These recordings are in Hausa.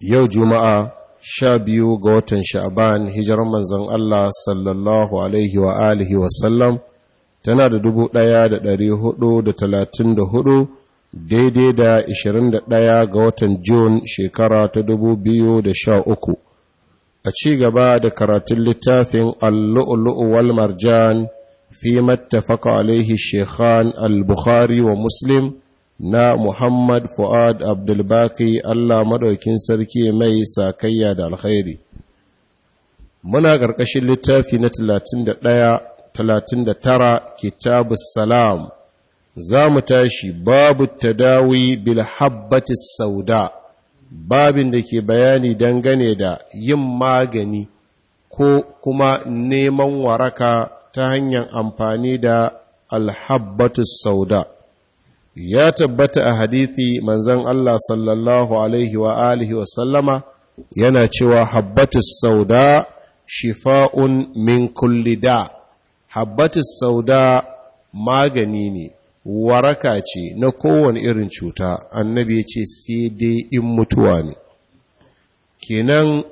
yau juma'a sha biyu ga watan sha'aban hijiran manzon Allah sallallahu alaihi wa alihi wasallam tana da dubu ɗaya da ɗari hudu da talatin da hudu daidai da ishirin da ɗaya ga watan Jun shekara ta dubu biyu da sha uku a ci gaba da karatun littafin allu'ulu'u wal marjan fi mattafaka alaihi shekhan al-bukhari wa muslim na Muhammad Fuad Abdulbaki Allah madaukin sarki mai sakayya da alkhairi muna ƙarƙashin littafi na 31 39 kitabus salam za mu tashi babu tadawi bil habbati sauda babin da ke bayani dangane da yin magani ko kuma neman waraka ta hanyar amfani da habbati sauda ya tabbata a hadithi manzan Allah sallallahu alaihi wa alihi wa sallama yana cewa habbatus sauda shifa'un min kulli da habbatus sauda magani ne waraka ce na kowane irin cuta annabi ya ce sai dai in mutuwa ne kenan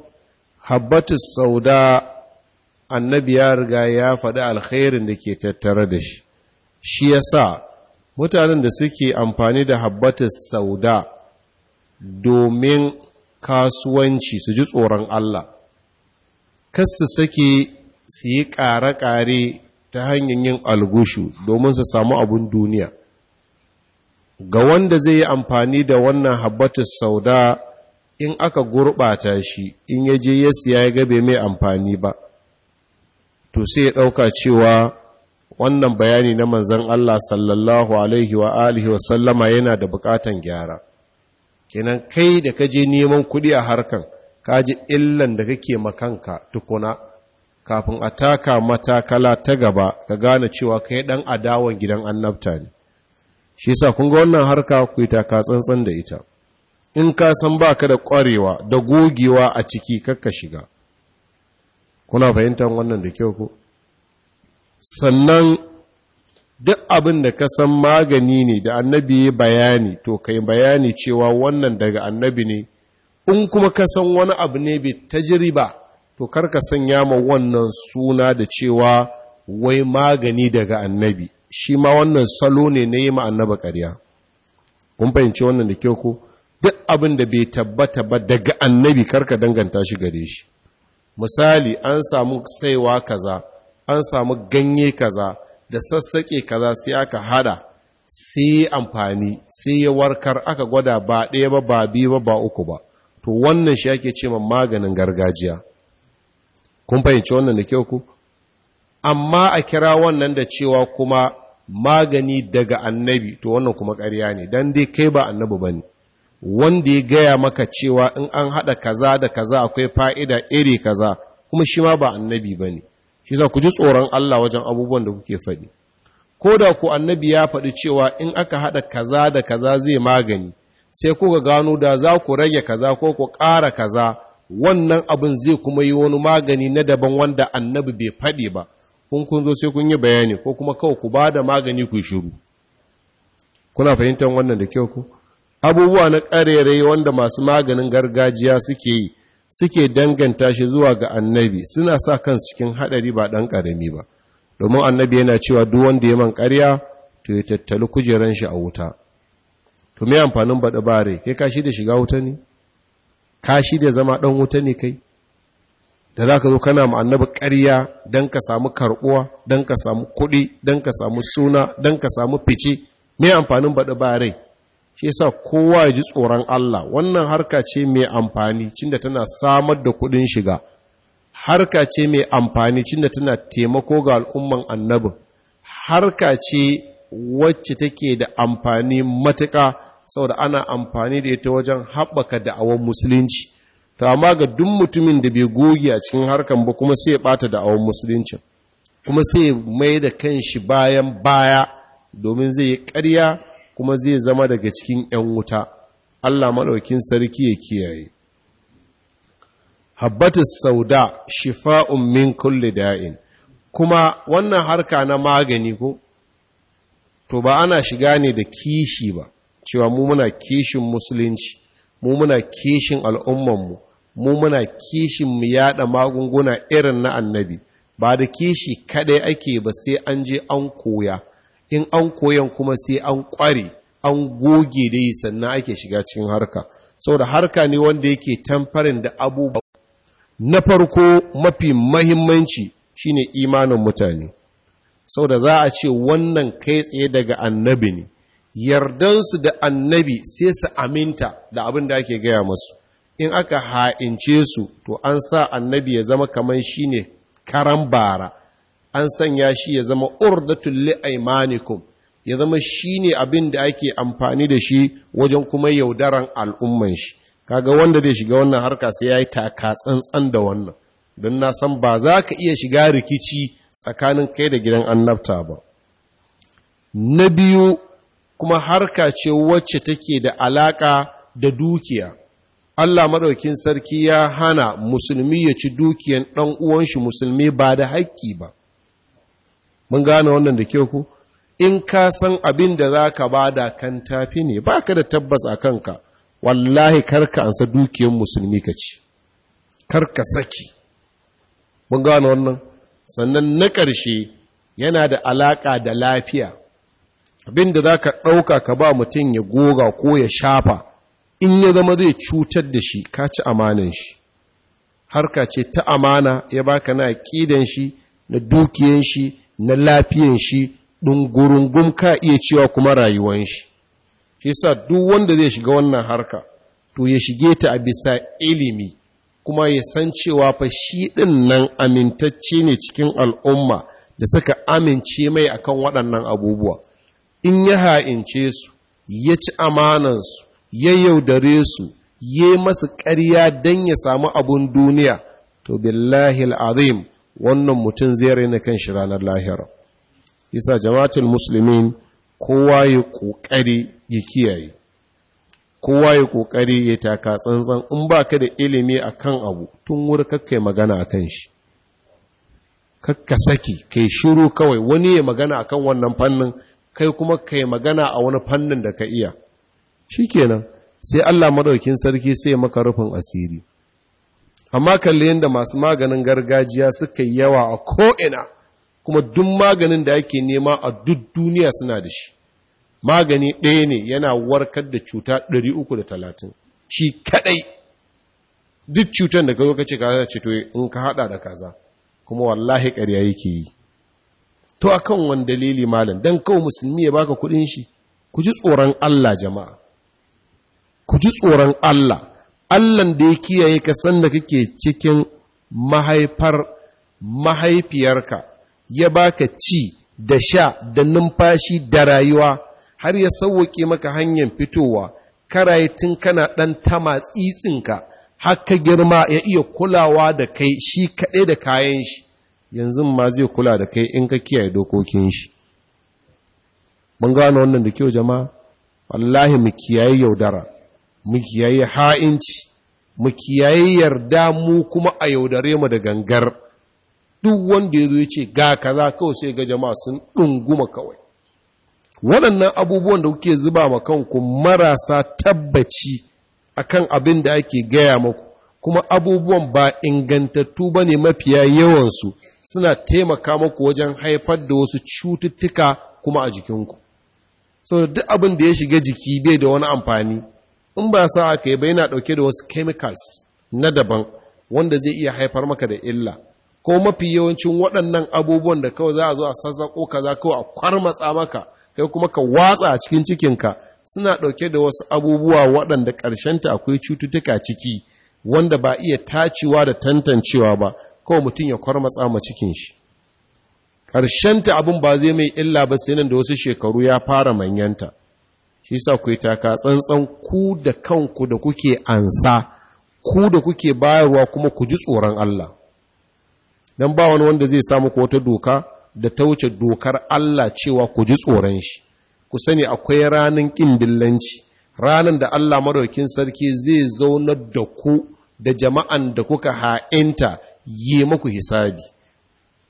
habbatus sauda annabi ya riga ya faɗi alkhairin da ke tattare da shi shi yasa mutanen da suke amfani da habbatus sauda domin kasuwanci su ji tsoron Allah kasu sake su yi ƙare-ƙare ta hanyar yin algushu domin su samu abin duniya ga wanda zai yi amfani da wannan habbatus sauda in aka gurɓata shi in ya je ya siya ya gabe mai amfani ba to sai ya ɗauka cewa wannan bayani na manzan Allah sallallahu alaihi wa alihi wa sallama yana da bukatan gyara kenan kai da kaje neman kudi a harkan kaji illan da kake makanka tukuna kafin a taka matakala ta gaba ka gane cewa kai dan adawan gidan annabta ne shi yasa kun ga wannan harka ku yi taka tsantsan da ita in ka san baka da kwarewa da gogewa a ciki kakka shiga kuna fahimtar wannan da kyau ko sannan duk abin da ka san magani ne da annabi ya bayani to kai bayani cewa wannan daga annabi ne in kuma ka san wani abu ne bai tajriba to karka sanya ma wannan suna da cewa wai magani daga annabi shi ma wannan salo ne na yi ma annaba ƙarya kun fahimci wannan da kyau ko duk abin da bai tabbata ba daga annabi karka danganta shi gare shi misali an samu saiwa kaza an samu ganye kaza da sassaƙe kaza sai aka hada sai amfani sai ya warkar aka gwada ba ɗaya ba ba biyu ba ba uku ba to wannan shi ake ce maganin gargajiya kun fahimci wannan da kyau ku amma a kira wannan da cewa kuma magani daga annabi to wannan kuma ƙarya ne dan dai kai ba annabi bane wanda ya gaya maka cewa in an haɗa kaza da kaza akwai fa'ida iri kaza kuma shi ma ba annabi bane shi za ku ji tsoron Allah wajen abubuwan da kuke faɗi ko da ku annabi ya faɗi cewa in aka haɗa kaza da kaza zai magani sai kuka gano da za ku rage kaza ko ku ƙara kaza wannan abin zai kuma yi wani magani na daban wanda annabi bai faɗi ba kun kun zo sai kun yi bayani ko kuma kawai ku ba da magani ku shiru kuna fahimtar wannan da kyau ku abubuwa na ƙarerai wanda masu maganin gargajiya suke yi suke danganta shi zuwa ga annabi suna sa kansu cikin haɗari ba ɗan ƙarami ba domin annabi yana cewa duk wanda ya man ƙarya to ya tattali kujeran shi a wuta to me amfanin baɗi bare kai kashi da shiga wuta ne kashi da zama ɗan wuta ne kai da za ka zo kana ma annabi ƙarya don ka samu karɓuwa don ka samu kuɗi don ka samu suna don ka samu fice me amfanin baɗi bare shi yasa kowa ya ji tsoron Allah wannan harka ce mai amfani cinda tana samar da kuɗin shiga harka ce mai amfani cinda tana taimako ga al'umman annabin harka ce wacce take da amfani matuƙa saboda ana amfani da ita wajen haɓaka da'awar musulunci ta amma ga duk mutumin da bai goge a cikin harkar ba kuma sai ya bata da'awar musulunci kuma sai mai da kanshi bayan baya domin zai yi ƙarya kuma zai zama daga cikin 'yan wuta Allah maɗaukin sarki ya kiyaye habbatus sauda shifa'un min kulle da'in kuma wannan harka na magani ko to ba ana shiga ne da kishi ba cewa mu muna kishin musulunci mu muna kishin al'ummanmu mu muna kishin mu yada magunguna irin na annabi ba da kishi kaɗai ake ba sai an je an koya in an koyan kuma sai an ƙware an goge da yi sannan ake shiga cikin harka saboda harka ne wanda yake tamfarin da abubuwa na farko mafi mahimmanci shine imanin mutane saboda za a ce wannan kai tsaye daga annabi ne yardansu da annabi sai su aminta da abin da ake gaya masu in aka ha'ince su to an sa annabi ya zama kamar shine karan bara an sanya shi ya zama urdatul li'aymanikum ya zama shi ne abin da ake amfani da shi wajen kuma yaudaran al'umman shi kaga wanda zai shiga wannan harka sai yayi taka tsantsan da wannan don na san ba za ka iya shiga rikici tsakanin kai da gidan annabta ba na biyu kuma harka ce wacce take da alaka da dukiya Allah maɗaukin sarki ya hana musulmi ya ci dukiyan ɗan uwanshi musulmi ba da haƙƙi ba mun gane wannan da kyau ku in ka san abin da za ka ba da kan tafi ne ba ka da tabbas a kanka wallahi karka ansa dukiyar musulmi ka ci karka saki mun gane wannan sannan na ƙarshe yana da alaƙa da lafiya abin da za ka ɗauka ka ba mutum ya goga ko ya shafa in ya zama zai cutar da shi ka ci amanin shi harka ce ta amana ya baka na ƙidan shi na dukiyan shi na lafiyan shi ɗungurungun ka iya cewa kuma rayuwan shi shi sa duk wanda zai shiga wannan harka to ya shige ta a bisa ilimi kuma ya san cewa fa shi ɗin nan amintacce ne cikin al'umma da suka amince mai akan waɗannan abubuwa in ya ha'ince su ya ci amanansu ya yaudare su ya yi masu ƙarya don ya samu abun duniya to billahi al'azim wannan mutum zai raina kan shi ranar lahira isa jama'atul musulmin kowa ya kokari ya kiyaye kowa ya kokari ya taka tsantsan in baka da ilimi akan abu tun wuri kakkai magana akan shi kakka saki kai shiru kawai wani ya magana akan wannan fannin kai kuma kai magana a wani fannin da ka iya Shi kenan sai Allah madaukin sarki sai maka rufin asiri amma kalli yadda masu maganin gargajiya suka yi yawa a ko'ina kuma duk maganin da ake nema a duk duniya suna da shi magani ɗaya ne yana warkar da cuta 330 shi kaɗai duk cutar da ka zo ka ce kaza ce to in ka haɗa da kaza kuma wallahi ƙarya yake yi to akan wani dalili malam dan kawai musulmi ya baka kuɗin shi ku ji tsoron Allah jama'a ku ji tsoron Allah Allahn da ya kiyaye ka sanda kake cikin mahaifar mahaifiyarka ya baka ci da sha da numfashi da rayuwa har ya sauwake maka hanyar fitowa karaye tun kana ɗan tama tsitsinka har ka girma ya iya kulawa da kai shi kaɗai da kayan shi yanzu ma zai kula da kai in ka kiyaye dokokin shi mun gano wannan da kyau jama'a wallahi mu kiyaye yaudara mu kiyaye ha'inci mu kiyaye yarda mu kuma a yaudare mu da gangar duk wanda ya zo ya ce ga kaza kawai sai ga jama'a sun ɗunguma kawai waɗannan abubuwan da kuke zuba ma kanku marasa tabbaci akan abin da ake gaya maku kuma abubuwan ba ingantattu ba ne mafiya yawansu suna taimaka maku wajen haifar da wasu cututtuka kuma a jikinku so duk abin da ya shiga jiki bai da wani amfani in ba sa aka yi ba yana ɗauke da wasu chemicals na daban wanda zai iya haifar maka da illa ko mafi yawancin waɗannan abubuwan da kawai za a zo a sassaƙo kaza kawai a kwarmatsa maka kai kuma ka watsa a cikin cikinka suna ɗauke da wasu abubuwa waɗanda ƙarshenta akwai cututtuka ciki wanda ba iya tacewa da tantancewa ba kawai mutum ya kwarmatsa ma cikin shi ƙarshenta abin ba zai mai illa ba sai nan da wasu shekaru ya fara manyanta shi sa ku yi taka tsantsan ku da kanku da kuke ansa ku da kuke bayarwa kuma ku ji tsoron Allah Don ba wani wanda zai samu ku wata doka da ta wuce dokar Allah cewa ku ji tsoron shi ku sani akwai ranan ƙin dillanci ranan da Allah maɗaukin sarki zai zaunar da ku da jama'an da kuka ha'inta yi muku hisabi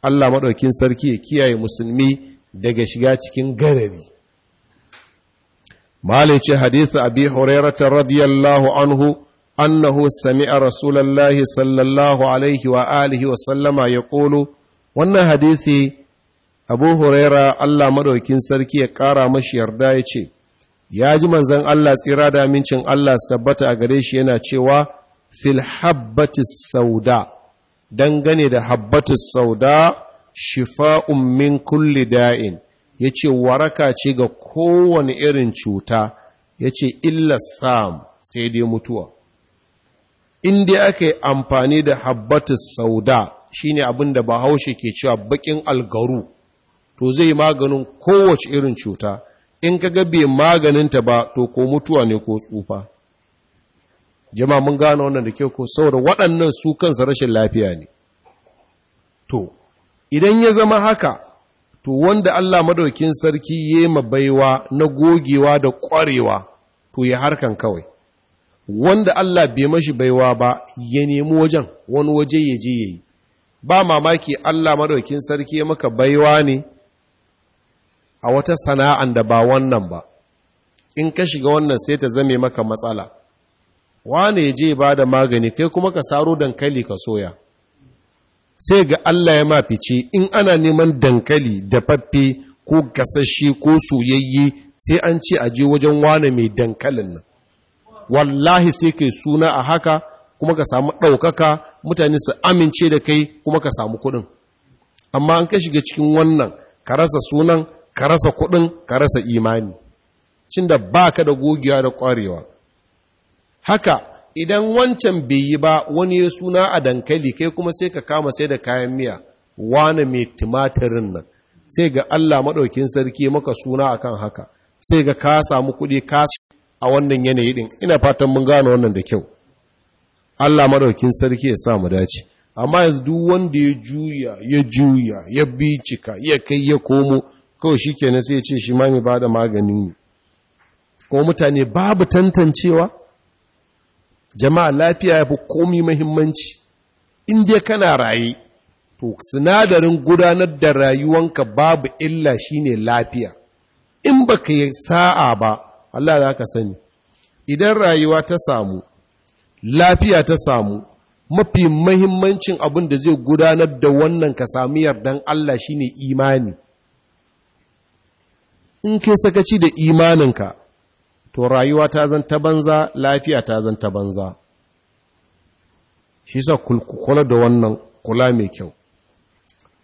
Allah maɗaukin sarki ya kiyaye musulmi daga shiga cikin garari malice hadithu abi hurairata radiyallahu anhu annahu sami'a rasulallahi sallallahu alaihi wa alihi wa sallama ya ƙolo wannan hadisi abu allah maɗaukin sarki ya ƙara mashi yarda ya ce ya ji manzan allah tsira da amincin allah su tabbata a gare shi yana cewa fil sauda dangane da habbatis sauda shifa'un min kulli da'in ya ce waraka ce ga kowane irin cuta ya ce illa sam sai dai mutuwa inda aka yi amfani da habbatus sauda shine abin da bahaushe ke cewa bakin algaru to zai maganin kowace irin cuta in ka gabe maganinta ba to ko mutuwa ne ko tsufa jama mun gane wannan da kyau ko saboda waɗannan su kansa rashin lafiya ne to idan ya zama haka to wanda Allah madaukin sarki ya yi baiwa na gogewa da ƙwarewa to ya harkan kawai wanda Allah bai mashi baiwa ba ya nemi wajen wani waje ya je ya yi ba mamaki Allah madaukin sarki ya maka baiwa ne a wata sana'an da ba wannan ba in ka shiga wannan sai ta zame maka matsala wane ya je ba da magani kai kuma ka saro dankali ka soya sai ga Allah ya fice in ana neman dankali da fafe ko gasashe ko soyayye sai an ce aje wajen wane mai dankalin nan wallahi sai kai suna a haka kuma ka samu ɗaukaka mutane su amince da kai kuma ka samu kuɗin amma an ka shiga cikin wannan ka rasa sunan ka rasa kuɗin ka rasa imani cin da ba ka da gogiya da ƙwarewa haka idan wancan bai yi ba wani ya suna a dankali kai kuma sai ka kama sai da kayan miya wani mai timatirin nan sai ga Allah maɗaukin sarki maka suna akan haka sai ga ka samu kuɗi ka a wannan yanayi ɗin ina fatan mun gane wannan da kyau Allah maɗaukin sarki ya sa mu dace amma yanzu duk wanda ya juya ya juya ya bincika ya kai ya komo kawai shi kenan sai ya ce shi ma mai ba da magani ko mutane babu tantancewa jama'a lafiya ya fi komi mahimmanci in dai kana raye to sinadarin gudanar da rayuwanka babu illa shine lafiya in baka yi sa'a ba Allah za ka sani idan rayuwa ta samu lafiya ta samu mafi mahimmancin abin da zai gudanar da wannan ka sami yardan Allah shine imani in kai sakaci da imaninka to rayuwa ta zanta banza lafiya ta zanta banza shi sa kula da wannan kula mai kyau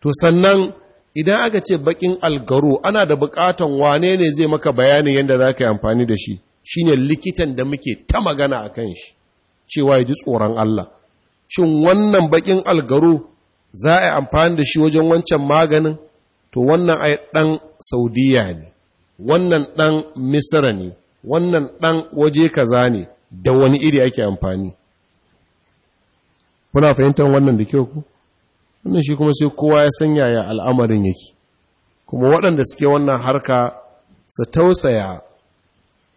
to sannan idan aka ce bakin algaru ana da bukatan wane ne zai maka bayani yadda za ka yi amfani da shi shine likitan da muke ta magana a kan shi cewa ya ji tsoron Allah shin wannan bakin algaru za a yi amfani da shi wajen wancan maganin to wannan ai ɗan saudiya ne wannan ɗan misira ne wannan ɗan waje kaza ne da wani iri ake amfani kuna fahimtar wannan da kyau ku wannan shi kuma sai kowa ya sanya ya al'amarin yake kuma waɗanda suke wannan harka su tausaya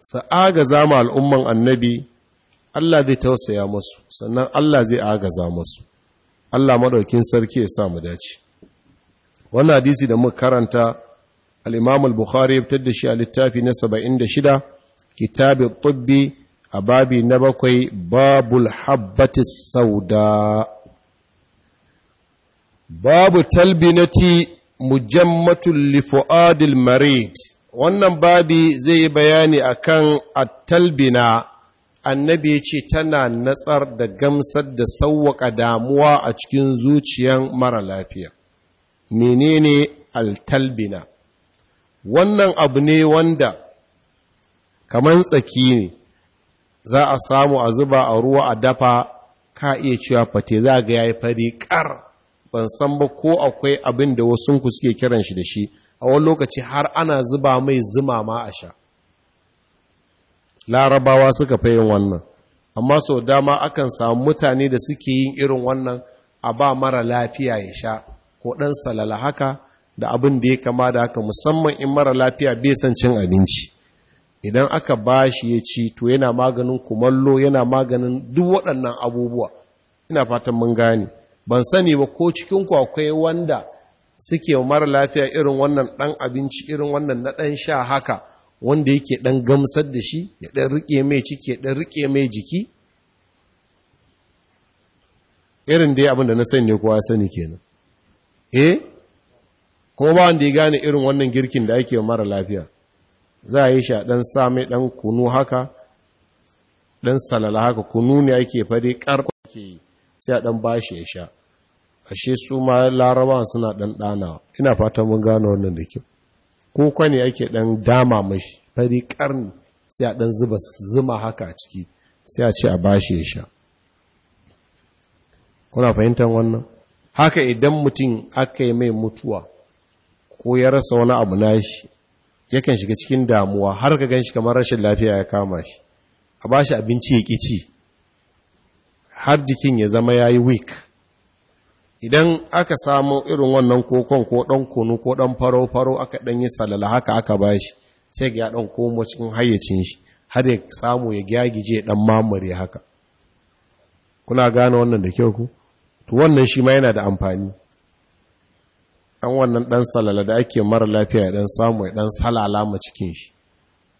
su agaza ma al'umman annabi Allah zai tausaya masu sannan Allah zai agaza masu Allah maɗaukin sarki ya sa mu dace wannan hadisi da muka karanta al’imamul bukhari ya fitar da shi a littafi na shida. كتاب الطب a babi na bakwai السوداء باب babu talbinati المريض marid wannan babi zai yi bayani akan at-talbina annabi ya ce tana natsar da gamsar da sawwaka damuwa a cikin zuciyan mara lafiya menene al-talbina wannan abu ne wanda kamar tsaki ne za a samu a zuba a ruwa a dafa ka iya cewa fate za ga yayi fari kar ban san ba ko akwai abin da wasu ku suke kiran shi da shi a wani lokaci har ana zuba mai zuma ma a sha larabawa suka fi yin wannan amma sau dama akan samu mutane da suke yin irin wannan a ba mara lafiya ya sha ko ɗan salala haka da abin da ya kama da haka musamman in mara lafiya bai son cin abinci idan aka ba shi ya ci to yana maganin kumallo yana maganin duk waɗannan abubuwa ina fatan mun gane ban sani ba ko cikin ku akwai wanda suke mara lafiya irin wannan ɗan abinci irin wannan na ɗan sha haka wanda yake ɗan gamsar da shi ya ɗan riƙe mai ciki ya ɗan riƙe mai jiki irin dai abin da na sani ne kowa sani kenan eh kuma ba wanda ya gane irin wannan girkin da ake mara lafiya za a yi shi a ɗan sami ɗan kunu haka ɗan salala haka kunu ne ake fari ƙarƙo ke yi sai a ɗan bashi ya sha ashe su ma larabawa suna ɗan ɗana ina fata mun gano wannan da kyau ko ne ake ɗan dama mashi fari ƙarni sai a ɗan zuba zuma haka a ciki sai a ce a bashi ya sha kuna fahimtar wannan haka idan mutum aka yi mai mutuwa ko ya rasa wani abu nashi yakan shiga cikin damuwa har ka gan shi kamar rashin lafiya ya kama shi a ba shi abinci ya ƙi ci har jikin ya zama ya yi wik idan aka samu irin wannan kokon ko ɗan kunu ko ɗan faro-faro aka ɗan yi salala haka aka ba shi sai ga ya ɗan komo cikin hayyacin shi har ya samu ya gyagije ɗan mamari haka kuna gane wannan da kyau ku wannan shi ma yana da amfani Ɗan wannan ɗan salala da ake mara lafiya ya ɗan samu ya ɗan salala ma cikin shi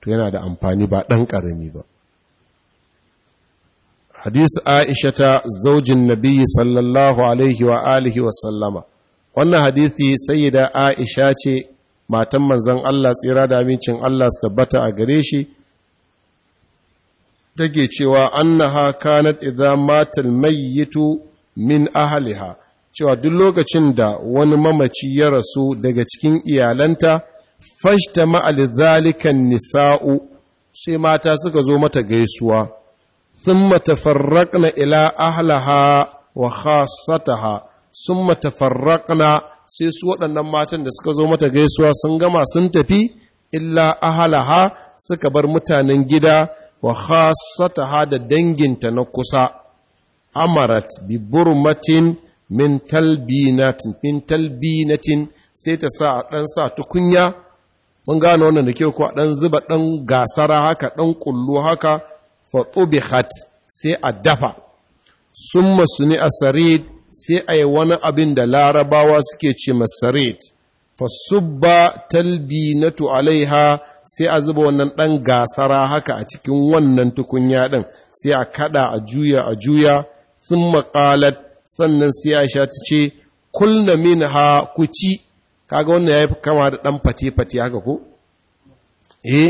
to yana da amfani ba ɗan ƙarami ba hadisi Aisha ta zaujin Nabi sallallahu alaihi wa alihi wa sallama wannan hadisi sai da Aisha ce matan manzon Allah tsira da amincin Allah su tabbata a gare shi take cewa annaha kanat idza matal mayyitu min ahliha cewa duk lokacin da wani mamaci ya rasu daga cikin iyalanta fashta ma'alizalikan nisa'u sai mata suka zo mata gaisuwa sun matafarraƙna ila ahlaha wa khasataha sun matafarraƙna sai su waɗannan matan da suka zo mata gaisuwa sun gama sun tafi illa ahlaha suka bar mutanen gida wa khasataha da danginta na kusa amarat bi burmatin min talbinatin min talbinatin sai ta sa a ɗan sa tukunya mun gano wannan da ke ko a ɗan zuba ɗan gasara haka ɗan kullu haka fa tubihat sai a dafa summa suni asarid sai a yi wani abin da larabawa suke ce masarid fa subba talbinatu alaiha sai a zuba wannan ɗan gasara haka a cikin wannan tukunya ɗin sai a kada a juya a juya sun maƙalat sannan sai Aisha ta ce kulna min ha ku ci kaga wannan yi kama da ɗan fati-fati haka ko eh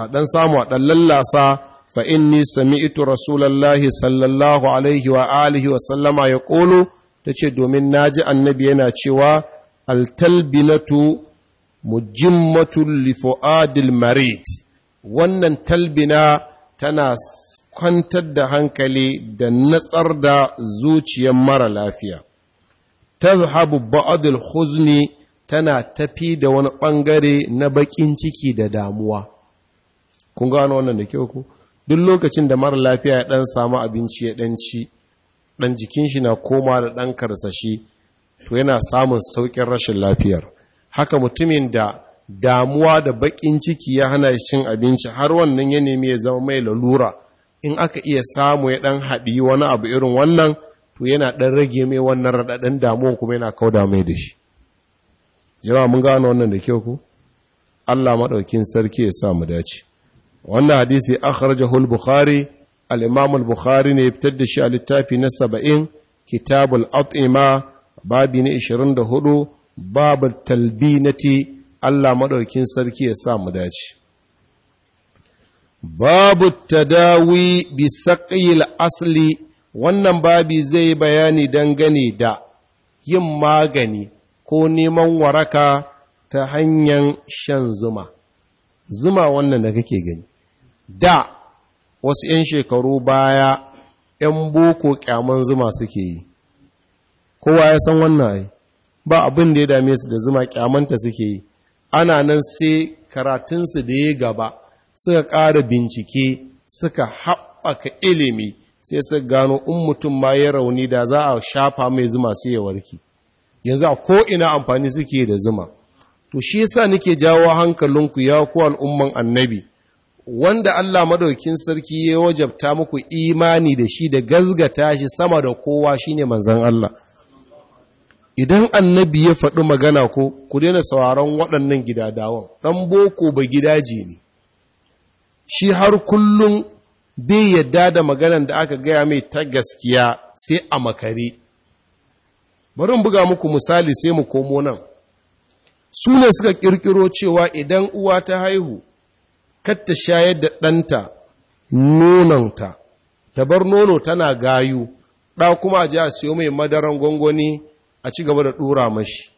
a dan samu a ɗan lallasa fa inni sami'tu rasulallahi sallallahu alaihi wa alihi wa sallama ya ta ce domin na ji annabi yana cewa altalbinatu mujimmatul li fuadil marid wannan talbina tana kwantar da hankali da natsar da zuciyar mara lafiya tazhabu ba'adul huzni tana tafi da wani bangare na baƙin ciki da damuwa kun gano wannan da kyau ku duk lokacin da mara lafiya ya ɗan samu abinci ya dan ci dan jikin shi na koma da ɗan karsashi to yana samun saukin rashin lafiyar haka mutumin da damuwa da baƙin ciki ya hana shi cin abinci har wannan ya nemi ya zama mai lalura in aka iya samu ya ɗan haɗi wani abu irin wannan to yana ɗan rage mai wannan raɗaɗin damuwa kuma yana kauda mai da shi jama'a mun gano wannan da kyau ku Allah maɗaukin sarki ya sa mu dace wannan hadisi akhrajahu al-bukhari al bukhari ne fitar da shi a littafi na 70 kitabul at'ima babi na 24 babu talbinati Allah maɗaukin sarki ya sa mu dace babu tadawi bi saƙil asli wannan babi zai bayani dangane da yin magani ko neman waraka ta hanyar shan zuma zuma wannan da kake gani da wasu 'yan shekaru baya 'yan boko kyaman zuma suke yi kowa ya san wannan ai ba abin da ya dame su da zuma kyamanta suke yi ana nan sai karatunsu da ya gaba suka ƙara bincike suka haɓaka ilimi sai su gano in mutum ma ya rauni da za a shafa mai zuma sai ya warki. yanzu a ko'ina amfani suke da zuma to shi yasa nake jawo hankalinku ya ku al'umman annabi wanda Allah maɗaukin sarki ya wajabta muku imani da shi da gazgata shi sama da kowa shine manzan Allah idan annabi ya faɗi magana ko ku daina sauraron waɗannan gidadawan ɗan boko ba gidaje ne shi har kullum bai yadda da maganan da aka gaya mai ta gaskiya sai a makare bari buga muku misali sai mu komo nan su ne suka ƙirƙiro cewa idan uwa ta haihu katta shayar da ɗanta nononta ta bar nono tana gayu ɗa kuma a ji a siyo mai madaran gwangwani a ci gaba da ɗora mashi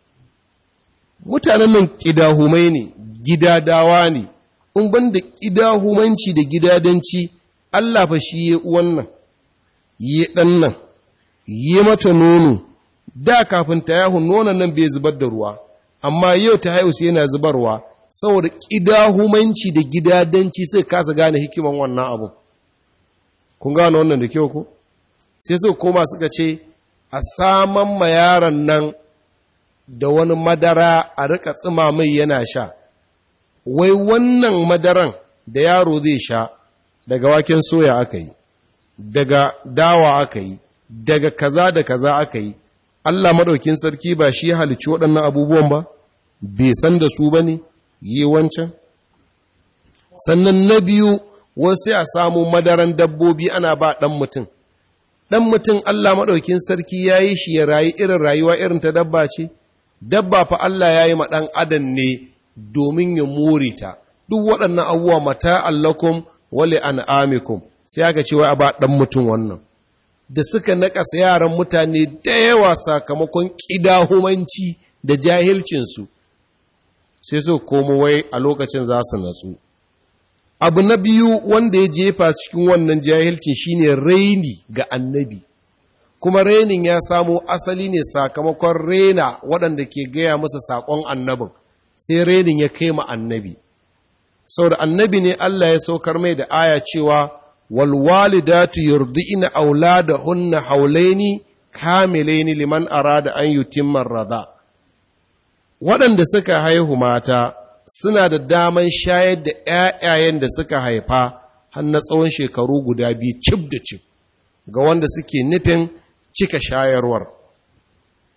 mutanen nan ƙidahumai ne gidadawa ne in ban da ƙidahumanci da gidadanci Allah fa shi ya wannan ya ɗan nan ya mata nono da kafin ta yahu nonon nan bai zubar da ruwa amma yau ta haihu sai yana zubarwa saboda ƙidahumanci da gidadanci sai kasa gane hikiman wannan abu kun gane wannan da kyau ko sai suka koma suka ce a saman ma yaron nan da wani madara a rika tsima mai yana sha wai wannan madaran da yaro zai sha daga waken soya aka yi daga dawa aka yi daga kaza da kaza aka yi Allah maɗaukin sarki ba shi ya halicci waɗannan abubuwan ba bai san da su ba ne yi wancan sannan na biyu wasu a samu madaran dabbobi ana ba ɗan mutum ɗan mutum Allah maɗaukin sarki ya yi shi ya rayu irin rayuwa irin ta dabba ce dabba fa Allah ya yi ma ɗan adam ne domin ya more ta duk waɗannan abubuwa mata allakum wale an amikum sai aka ce wai a ba ɗan mutum wannan da suka naƙasa yaran mutane da yawa sakamakon ƙidahumanci da jahilcinsu sai su komo wai a lokacin za su natsu abu na biyu wanda ya jefa cikin wannan jahilcin shine raini ga annabi kuma rainin ya samo asali ne sakamakon raina waɗanda ke gaya masa saƙon annabin sai renin ya kai ma annabi da annabi ne Allah ya saukar mai da aya cewa walwalidatu yurdi'na auladahunna haulaini kamilaini liman arada an yutimma waɗanda suka haihu mata suna da daman shayar da ƴaƴayen da suka haifa har na tsawon shekaru guda biyu cib da cib ga wanda suke nufin cika shayarwar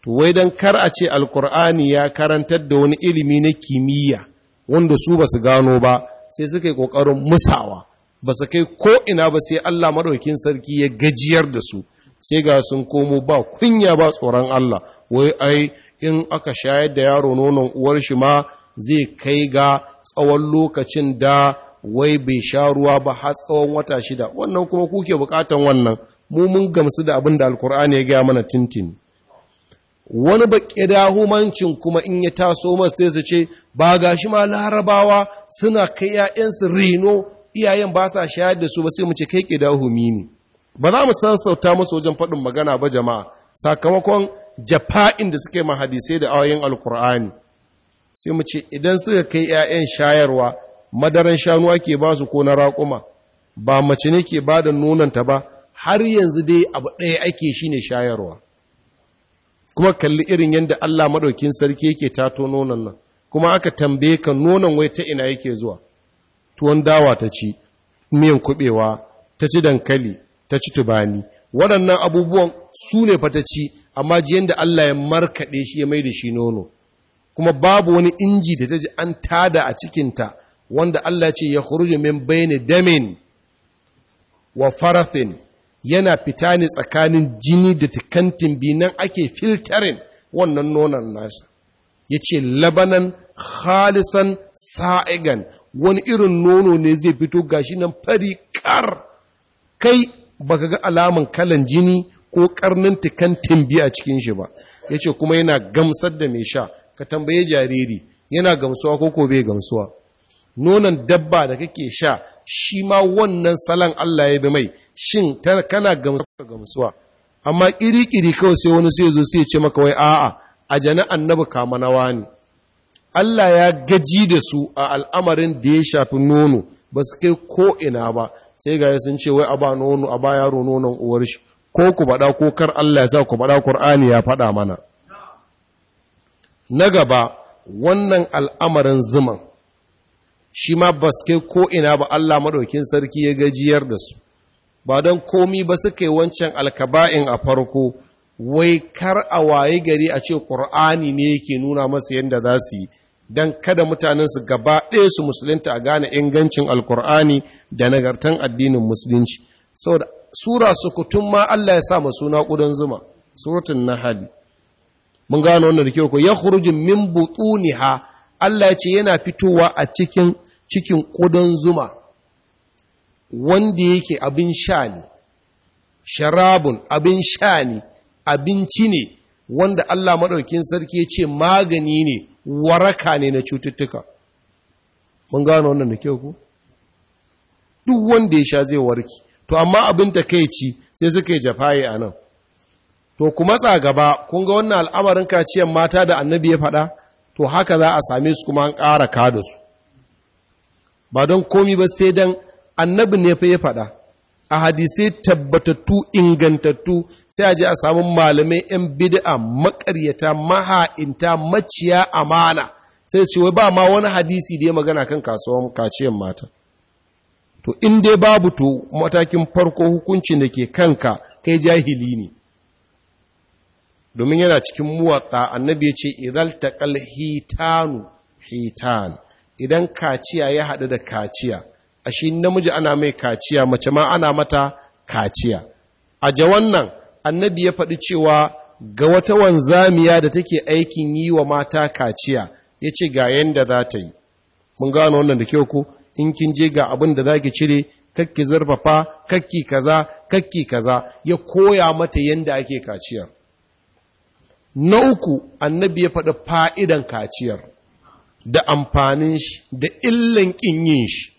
to wai dan kar a ce alkur'ani ya karantar da wani ilimi na kimiyya wanda su ba su gano ba sai suka yi ƙoƙarin musawa ba su kai ko ina ba sai Allah maɗaukin sarki ya gajiyar da su sai ga sun komo ba kunya ba tsoron Allah wai ai in aka shayar da yaro nonon uwar shi ma zai kai ga tsawon lokacin da wai bai sha ruwa ba har tsawon wata shida wannan kuma kuke bukatan wannan mu mun gamsu da abin da alkur'ani ya gaya mana tintin wani baƙi dahumancin kuma in ya taso masu sai su ce ba ga shi ma larabawa suna kai ‘ya'yansu reno iyayen ba sa shayar da su ba sai mu ce kai ƙidahumi ne ba za mu sassauta masu wajen faɗin magana ba jama'a sakamakon jafa'in da suke ma hadisai da ayoyin alkur'ani sai mu ce idan suka kai 'ya'yan shayarwa madaran shanu ake ba su ko na raƙuma ba mace ne ke ba da nonanta ba har yanzu dai abu ɗaya ake shi ne shayarwa kuma kalli irin yadda Allah maɗaukin sarki yake tato nonon nan kuma aka tambaye ka nonon wai ta ina yake zuwa tuwon dawa ta ci miyan kuɓewa, ta ci dankali ta ci tubani waɗannan abubuwan su ne fa ta ci amma ji yadda Allah ya markaɗe shi ya mai da shi nono kuma babu wani inji da ta ji an tada a cikinta wanda Allah ce ya min bayni damin wa farafin. yana fita ne tsakanin jini da tukantin binan ake filtarin wannan nonon nasa ya ce labanan khalisan sa'igan wani irin nono ne zai fito gashi nan fari kar kai baka ga alaman kalan jini ko karnin tukantin biya a cikin shi ba ya ce kuma yana gamsar da mai sha ka tambaye jariri yana gamsuwa ko ko bai gamsuwa nonon dabba da kake sha shi ma wannan salon Allah ya bi mai shin kana gamsuwa amma iri-iri kawai sai wani sai zo sai ce maka wai a'a a jana annabi kama nawa ne Allah ya gaji da su a al'amarin da ya shafi nono ba su kai ko ina ba sai ga sun ce wai a ba nono a ba yaro nonon uwar shi ko ku bada ko kar Allah ya sa ku bada Kur'ani ya faɗa mana na gaba wannan al'amarin zuman shi ma ba su kai ko'ina ba Allah maɗaukin sarki ya gajiyar da su, ba don komi ba su kai wancan alkaba'in a farko, wai kar a waye gari a ce ƙur'ani ne yake nuna masu yadda za su yi, don kada mutanensu gaba ɗaya su musulunta a gane ingancin alkur'ani da nagartan addinin musulunci. Saboda sura sukutun ma Allah ya sa masu naƙudan zuma, suratun hali. Mun gano wannan da kyau ko ya min butuniha Allah ya ce yana fitowa a cikin cikin ƙudan zuma wanda yake abin sha ne sharabun abin sha ne abinci ne wanda Allah maɗaukin sarki ya ce magani ne waraka ne na cututtuka mun gano wannan da kyau ku duk wanda ya sha zai warki to amma abin ta kai ci sai suka yi jafaye a nan to ku matsa gaba kun ga wannan al'amarin kaciyar mata da annabi ya faɗa to haka za a same su kuma an ƙara ka da su ba don komi ba sai don annabi ne fa ya faɗa a hadisai tabbatattu ingantattu sai a je a samu malamai 'yan bid'a makaryata maha'inta maciya amana sai su ba ma wani hadisi da ya magana kan kasuwan kaciyan mata to in dai babu to matakin farko hukuncin da ke kanka kai jahili ne domin yana cikin muwaƙa, annabi ya ce idan taqal hitanu hitan idan kaciya ya haɗu da kaciya a shi namiji ana mai kaciya mace ma ana mata kaciya a nan, annabi ya faɗi cewa ga wata wanzamiya da take aikin yi wa mata kaciya ya ce ga yadda za ta yi mun gano wannan da kyau ko in kin je ga abin da za ki cire kakki zarfafa kakki kaza kakki kaza ya koya mata yadda ake kaciyar na uku annabi ya faɗi fa'idan kaciyar da amfanin shi da illan ƙin shi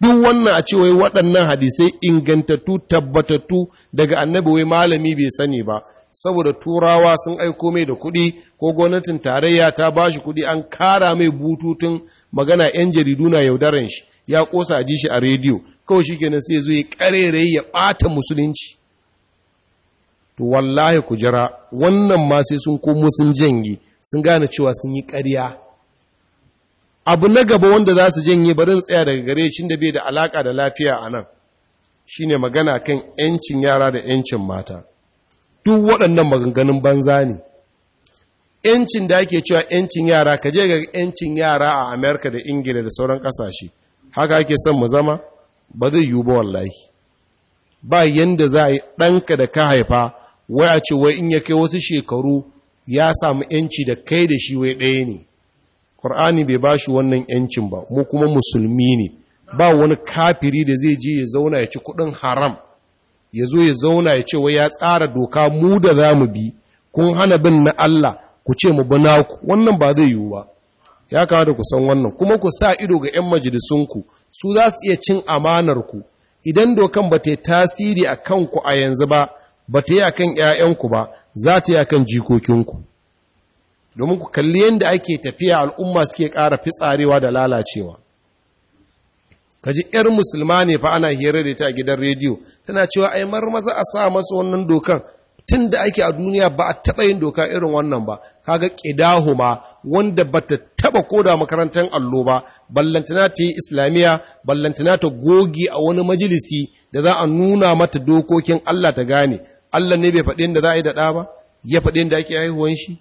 duk wannan a cewa waɗannan hadisai ingantattu tabbatattu daga annabi wai malami bai sani ba saboda turawa sun aiko mai da kuɗi ko gwamnatin tarayya ta ba shi kuɗi an kara mai bututun magana 'yan jaridu na yaudaran shi ya ƙosa a ji shi a rediyo kawai shi kenan sai zo ya ƙarerayi ya ɓata musulunci to wallahi ku jira wannan ma sai sun komo sun janye sun gane cewa sun yi ƙarya abu na gaba wanda za su janye barin tsaya daga gare shi da bai da alaka da lafiya a nan Shi ne magana kan yancin yara da yancin mata duk waɗannan maganganun banza ne yancin da ake cewa yancin yara ka je ga yancin yara a Amerika da Ingila da sauran ƙasashe haka ake son mu zama ba zai yiwu ba wallahi ba yanda za a yi ɗanka da ka haifa wai a ce wai in ya kai wasu shekaru ya samu yanci da kai da shi wai ɗaya ne ƙur'ani bai ba shi wannan yancin ba mu kuma musulmi ne ba wani kafiri da zai je ya zauna ya ci kuɗin haram ya zo ya zauna ya ce wai ya tsara doka mu da za mu bi kun hana bin na Allah ku ce mu bina ku wannan ba zai yiwu ba ya kamata ku san wannan kuma ku sa ido ga 'yan majalisunku su za su iya cin amanarku idan dokan ba ta yi tasiri a kanku a yanzu ba ba ta yi kan ‘ya'yanku ba za ta yi kan jikokinku domin ku kalli yadda ake tafiya al'umma suke ƙara fitsarewa da lalacewa ka ji ‘yar musulma ne fa ana hira da ta a gidan rediyo tana cewa ai marmaza a sa masa wannan dokan tun da ake a duniya ba a taɓa yin doka irin wannan ba kaga ƙidahuma wanda ba ta taɓa koda makarantar allo ba ballantana ta yi islamiyya ballantana ta goge a wani majalisi da za a nuna mata dokokin Allah ta gane Allah ne bai faɗi da za a yi da ɗa ba ya faɗi da ake haihuwan shi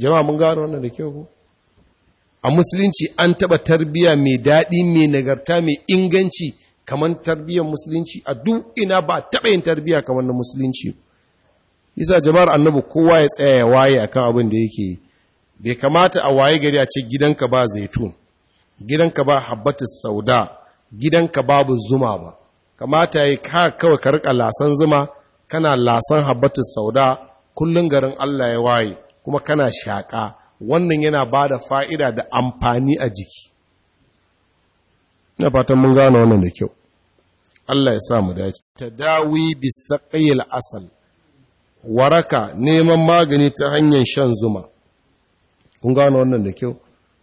jama'a mun gano wannan da kyau ko a musulunci an taɓa tarbiyya mai daɗi mai nagarta mai inganci kamar tarbiyyar musulunci a duk ina ba a taɓa yin tarbiyya kamar na musulunci isa jama'ar annabu kowa ya tsaya ya waye akan abin da yake yi bai kamata a waye gari a ce gidanka ba zaitun gidanka ba habbatus sauda gidanka babu zuma ba kamata yi ka kawai ka rika lasan zuma kana lasan habbatus sauda kullum garin Allah ya waye kuma kana shaka wannan yana bada fa'ida da amfani a jiki ina fatan mun gano wannan da kyau Allah ya sa mu dace tadawi bisaqil asal waraka neman magani ta hanyar shan zuma kun gano wannan da kyau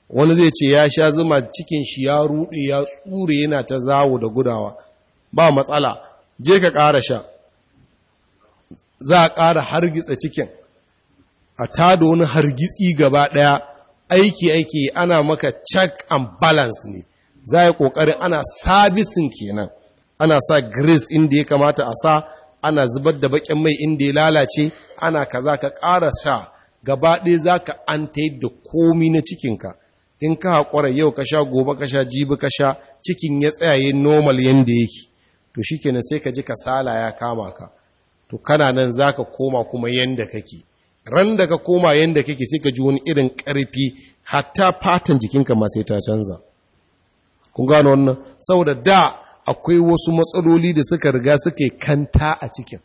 wani zai ce ya sha zuma cikin shi ya rude ya tsure yana ta zawo da gudawa ba matsala je ka ƙara sha za a ƙara hargitsa cikin a tada wani hargitsi gaba ɗaya aiki aiki ana maka check and balance ne za a yi ƙoƙarin ana sabisin kenan ana sa grace inda ya kamata a sa ana zubar da baƙin mai inda ya lalace ana ka za ka ƙara sha gaba ɗaya za ka an da komi na cikinka in ka haƙura yau ka sha gobe ka sha jibi ka sha cikin ya tsayaye normal yadda yake to kenan sai ka ji kasala ya kama ka to kana nan zaka koma kuma yadda kake ran da ka koma yadda kake sai ka ji wani irin ƙarfi hatta fatan jikinka ma sai ta canza kun gano wannan saboda da akwai wasu matsaloli da suka riga suke kanta a cikin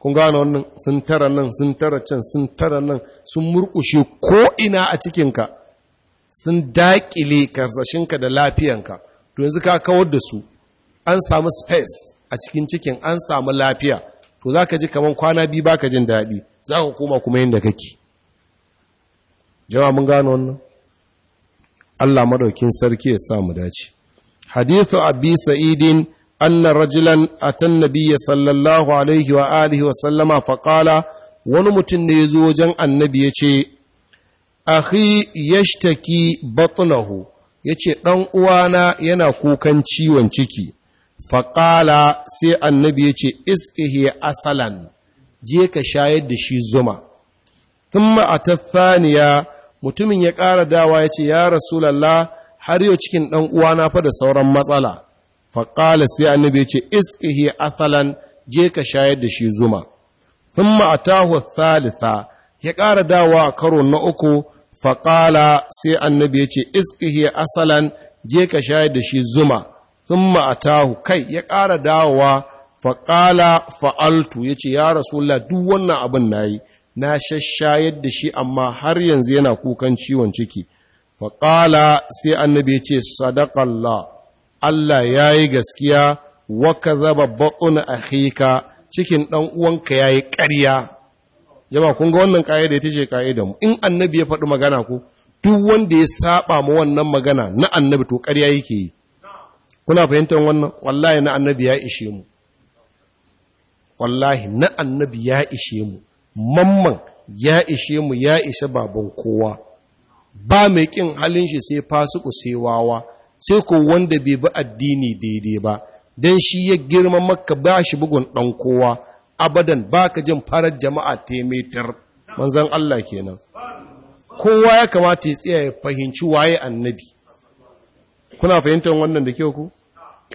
kun gano wannan sun tara nan sun tara can sun tara nan sun murkushe ko'ina a cikinka sun daƙile karsashinka da lafiyanka to yanzu ka kawar da su an samu space a cikin cikin an samu lafiya to za ka ji kamar kwana biyu ba ka jin daɗi za ka koma kuma yin da kake jama mun gano wannan Allah madaukin sarki ya sa mu dace hadithu abi sa'idin anna rajulan atan nabiyya sallallahu alaihi wa alihi wa sallama fa wani mutum ne yazo wajen annabi yace akhi yashtaki batnahu yace dan uwana yana kukan ciwon ciki faƙala sai annabi ya ce iskihe asalan je ka shayar da shi zuma thumma a tathaniya mutumin ya ƙara dawa ya ce ya rasulallah har yau cikin ɗan uwana fa da sauran matsala faƙala sai annabi ya ce iskihe asalan je ka shayar da shi zuma a atahu thalitha ya ƙara dawa a karo na uku faƙala sai annabi ya ce iskihe asalan je ka shayar da shi zuma sun tahu kai ya ƙara dawowa faƙala fa'altu ya ce ya rasulla duk wannan abin na yi na shashayar da shi amma har yanzu yana kukan ciwon ciki faƙala sai annabi ce sadaƙalla Allah ya yi gaskiya waka zaba a ahika cikin ɗan uwanka ya yi ƙarya Yaba kun ga wannan ƙa'ida ya tace ƙa'ida mu in annabi ya faɗi magana ko duk wanda ya saba ma wannan magana na annabi to ƙarya yake yi kuna fahimtar wannan wallahi na annabi ya ishe mu wallahi na annabi ya ishe mu mamman ya ishe mu ya ishe baban kowa ba mai kin halin shi sai fasiku sai wawa sai ko wanda bai bi addini daidai ba dan shi ya girma maka ba shi bugun dan kowa abadan baka jin farar jama'a taimaitar, manzon Allah kenan kowa ya kamata ya tsaya ya fahimci waye annabi kuna fahimtar wannan da kyau ku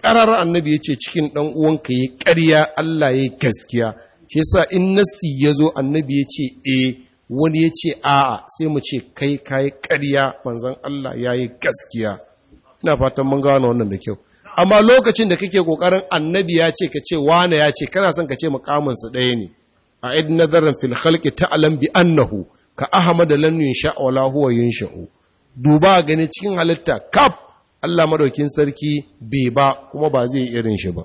ƙarar annabi ya ce cikin ɗan uwanka ya karya Allah ya gaskiya shi yasa in nasi ya zo annabi ya ce e wani ya ce a'a sai mu ce kai ka yi ƙarya manzan Allah ya yi gaskiya ina fatan mun gano wannan da kyau amma lokacin da kake kokarin annabi ya ce ka ce wane ya ce kana son ka ce mukaminsa ɗaya ne a id nazarin fil khalqi ta'lam bi annahu ka ahmad lan yunsha la huwa yunsha'u duba gani cikin halitta kaf Allah madaukin sarki bai ba kuma ba zai irin shi ba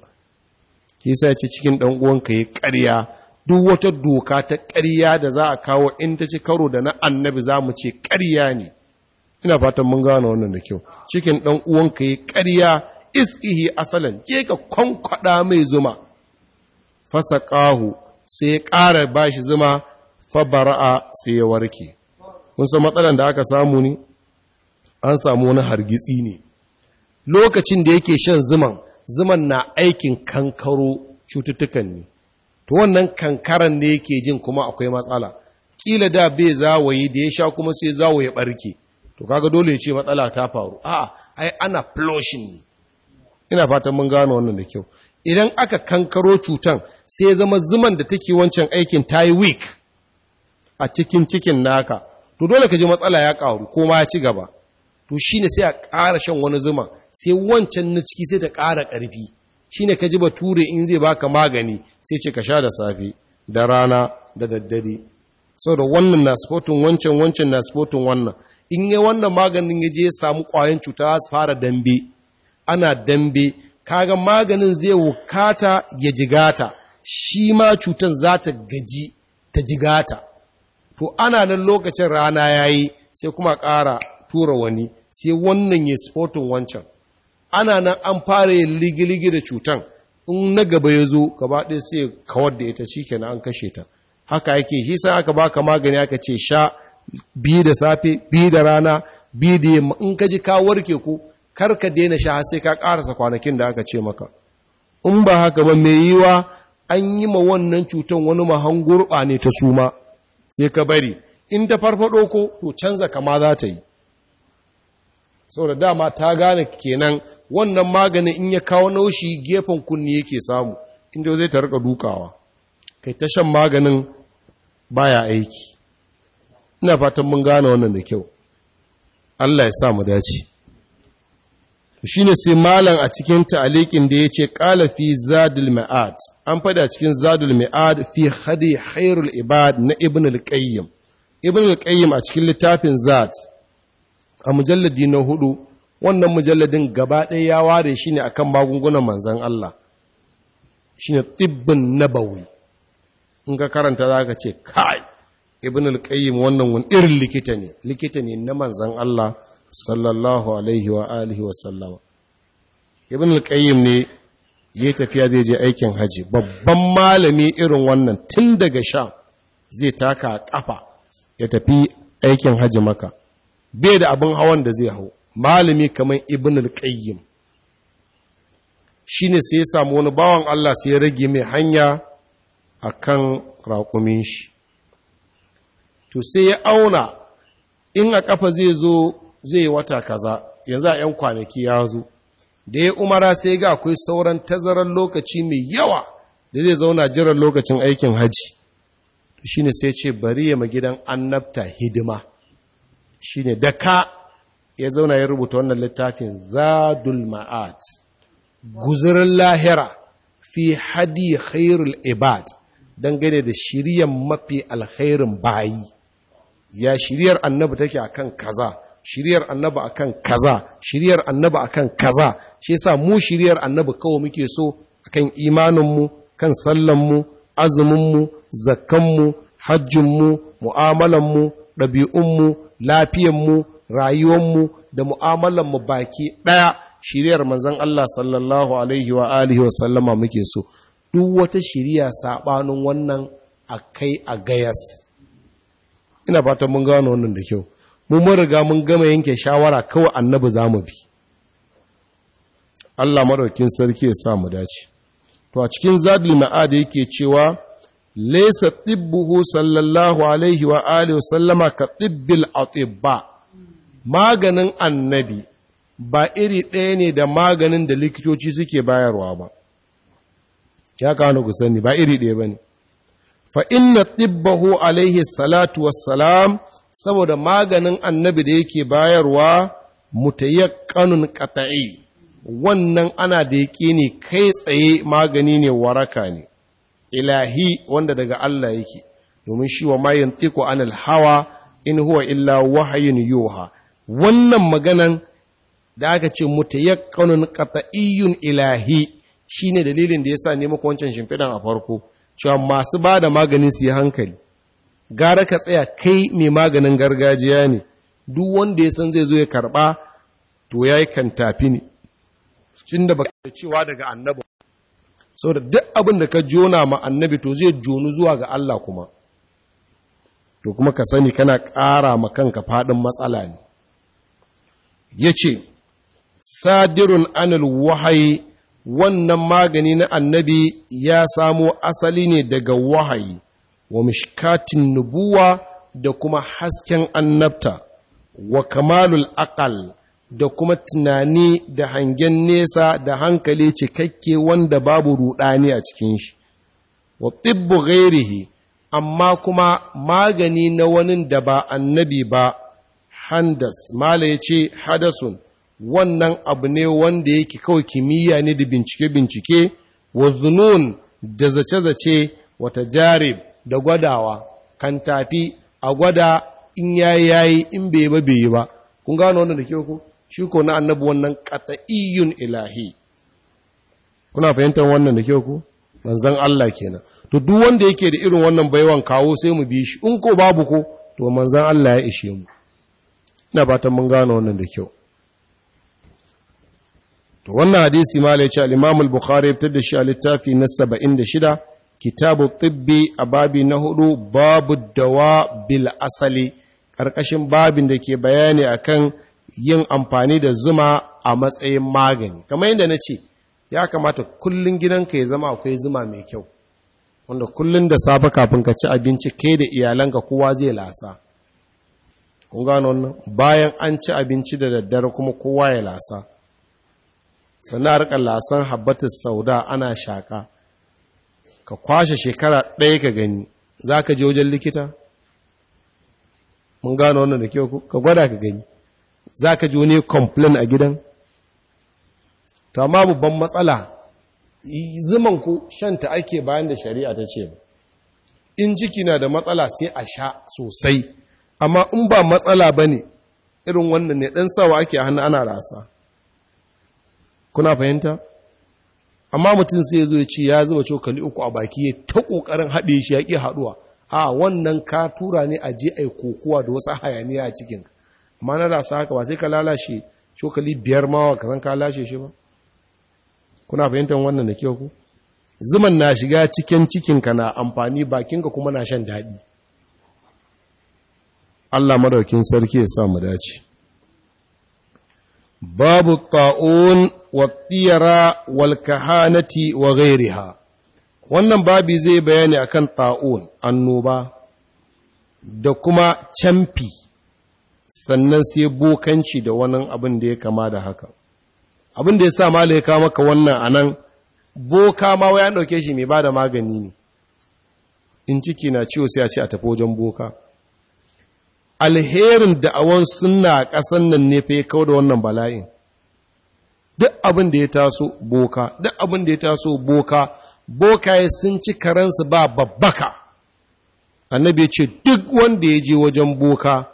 Ki yasa ce cikin dan ya ƙarya duk wata doka ta ƙarya da za a kawo in ta ci karo da na annabi za mu ce ƙarya ne ina fatan mun gano wannan da kyau cikin dan ya ƙarya iskihi asalin, je ka kwankwada mai zuma fasa fasaqahu sai ya ƙara shi zuma fabara'a sai ya warke Mun san matsalan da aka samu ne an samu wani hargitsi ne lokacin da yake shan zuman zuman na aikin kankaro cututtukan ne to wannan kankaran ne yake jin kuma akwai matsala kila da bai zawayi da ya sha kuma sai zawaye barke to kaga dole ya ce matsala ta faru a'a ai ana flushing ne ina fatan mun gano wannan da kyau idan aka kankaro cutan sai zama zuman da take wancan aikin ta yi weak a cikin cikin naka to dole ka ji matsala ya karu ko ma ya ci gaba to shine sai a ƙara shan wani zuman. sai wancan na ciki sai ta ƙara ƙarfi Shi ne ka ji bature in zai baka magani sai ce ka sha da safe da rana da daddare da wannan na sportin wancan wancan na sportin wannan in ya wannan maganin ya je ya samu ƙwayan cuta su fara dambe ana dambe kaga maganin zai wukata ya jigata shi ma cutan za ta gaji ta jigata to ana nan lokacin rana ya yi sai kuma ƙara tura wani sai wannan ya sportin wancan ana nan an fara yin ligiligi da cutan in na gaba ya zo gaba ɗaya sai kawar da ita shi kenan an kashe ta haka yake shi sai aka ba ka magani aka ce sha bi da safe bi da rana bi da yamma in ka ji ka warke ko kar ka daina sha sai ka karasa kwanakin da aka ce maka in ba haka ba mai yiwa an yi ma wannan cutan wani mahan gurɓa ne ta suma sai ka bari in ta farfaɗo ko to canza kama za ta yi saboda dama ta gane kenan wannan maganin in ya kawo naushi gefen kunni yake samu inda zai ta rika dukawa kai ta shan maganin baya aiki ina fatan mun gane wannan da kyau Allah ya sa mu dace shine sai malam a cikin ta'aliqin da yace qala fi zadul ma'ad an fada cikin zadul ma'ad fi hadi khairul ibad na ibn al-qayyim ibn al-qayyim a cikin littafin zat a mujalladi na hudu wannan mujalladin gaba ɗaya ya ware shi ne akan magungunan manzan Allah shi ne tibbin nabawi in ka karanta za ka ce kai ibn al wannan wani irin likita ne likita ne na manzan Allah sallallahu alaihi wa alihi wa sallama ibn al ne ya tafiya zai je aikin haji babban malami irin wannan tun daga sha zai taka kafa ya tafi aikin haji maka bai da abin hawan da zai hau malami kamar ibn al-qayyim shine sai ya samu wani bawan Allah sai ya rage mai hanya akan raƙumin shi to sai ya auna in a ƙafa zai zo zai wata kaza yanzu a 'yan kwanaki ya zo da ya umara sai ga akwai sauran tazarar lokaci mai yawa da zai zauna jiran lokacin aikin haji to shine sai ce bari ya ma gidan annabta hidima shine da ka ya zauna ya rubuta wannan littafin zadul ma'at guzurin lahira fi hadi khairul ibad dangane da shiryar mafi alkhairin bayi ya shiryar annabi take akan kaza shiryar annabi akan kaza shiryar annabi akan kaza shi yasa mu shiryar annabi kawai muke so akan imaninmu kan sallanmu azuminmu zakkanmu hajjinmu mu'amalanmu ɗabi'unmu lafiyanmu rayuwanmu da mu'amalanmu baki ɗaya shiriyar manzan Allah sallallahu alaihi wa alihi wa sallama muke so duk wata shiriya saɓanin wannan a kai a gayas ina fatan mun gano wannan da kyau mun riga mun gama yanke shawara kawai annabi za mu bi Allah maraukin sarki ya sa mu dace to a cikin zadi ma'ad yake cewa lesa ɗibbuhu sallallahu alaihi wa alihi wa sallama ka a ɗibba. maganin annabi ba iri ɗaya ne da maganin da likitoci suke bayarwa ba ya kawo ku sani ba iri ɗaya ba ne fa inna tibbahu alaihi salatu wassalam saboda maganin annabi da yake bayarwa mutayakkanun ƙatai. wannan ana da yake ne kai tsaye magani ne waraka ne ilahi wanda daga Allah yake domin shi wa mayan tiko 'an alhawa, in huwa illa wahayin yoha wannan maganan da aka ce mutayakkanun qat'iyyun ilahi shine dalilin da yasa ne muku wancan shimfidan a farko cewa masu ba da maganin su yi hankali gara ka tsaya kai mai maganin gargajiya ne duk wanda ya san zai zo ya karba to yayi kantafi ne cikin da baka cewa daga annabi saboda duk abin da ka jona ma annabi to zai jonu zuwa ga Allah kuma to kuma ka sani kana ƙara ma kanka faɗin matsala ne ya ce sadirun anil wahayi wannan magani na annabi ya samo asali ne daga wahayi wa mishkatin nubuwa da kuma hasken annabta wa kamalul aqal da kuma tunani da hangen nesa da hankali cikakke wanda babu rudani a cikin shi wa tibbu ghairihi amma kuma magani na wani da ba annabi ba handas mala ya ce hadasun wannan abu ne wanda yake kawai kimiyya ne da bincike-bincike wa zunun da zace-zace wata jarib da gwadawa kan tafi a gwada in yayi yayi in bai ba bai ba kun gano wannan da ke ku shi ko na annabi wannan qat'iyyun ilahi kuna fahimtar wannan da ke ku manzon Allah kenan to duk wanda yake da irin wannan baiwan kawo sai mu bi shi in ko babu ko to manzon Allah ya ishe mu ina fatan mun gano wannan da kyau to wannan hadisi ma ya ce al-Imam al-Bukhari fitar da shi a littafi na 76 kitabu tibbi a babi na hudu babu dawa bil asali karkashin babin da ke bayani akan yin amfani da zuma a matsayin magani kamar yadda na ce ya kamata kullun gidanka ya zama akwai zuma mai kyau wanda kullun da safe kafin ka ci abinci kai da iyalanka kowa zai lasa kun gano wannan bayan an ci abinci da daddare kuma kowa ya lasa sannan a riƙa lasan habbatus sauda ana shaƙa ka kwashe shekara ɗaya ka gani za ka ji wajen likita mun gano wannan da ke ku ka gwada ka gani za ka ji wani complain a gidan ta ma babban matsala zuman ku shanta ake bayan da shari'a ta ce in jiki na da matsala sai a sha sosai amma in ba matsala ba ne irin wannan ne ɗan sawa ake a hannu ana rasa kuna fahimta amma mutum sai zo ya ce ya zuba cokali uku a baki ya ta ƙoƙarin haɗe shi ya ƙi haɗuwa a wannan ka tura ne a je a yi kokowa da wasu hayaniya a cikin amma na rasa haka ba sai ka lalashe cokali biyar mawa ka san ka lashe shi ba kuna fahimtar wannan da kyau ku zuman na shiga cikin cikinka na amfani bakinka kuma na shan daɗi Allah madaukin sarki ya sa mu dace babu ta'un wa tiyara wal kahanati wa ghairiha wannan babi zai bayani akan ta'un annoba da kuma camfi sannan sai bokanci da wannan abin da ya kama da haka abin da ya sa mala ya maka wannan anan boka ma wai an dauke shi mai bada magani ne in ciki na ciwo sai a ce a tafi wajen boka alherin da sunna suna ƙasan nan ne fa kawo da wannan bala'in duk abin da ya taso boka duk abin da ya taso boka bokaye sun ci karansu ba babbaka annabi ce duk wanda ya je wajen boka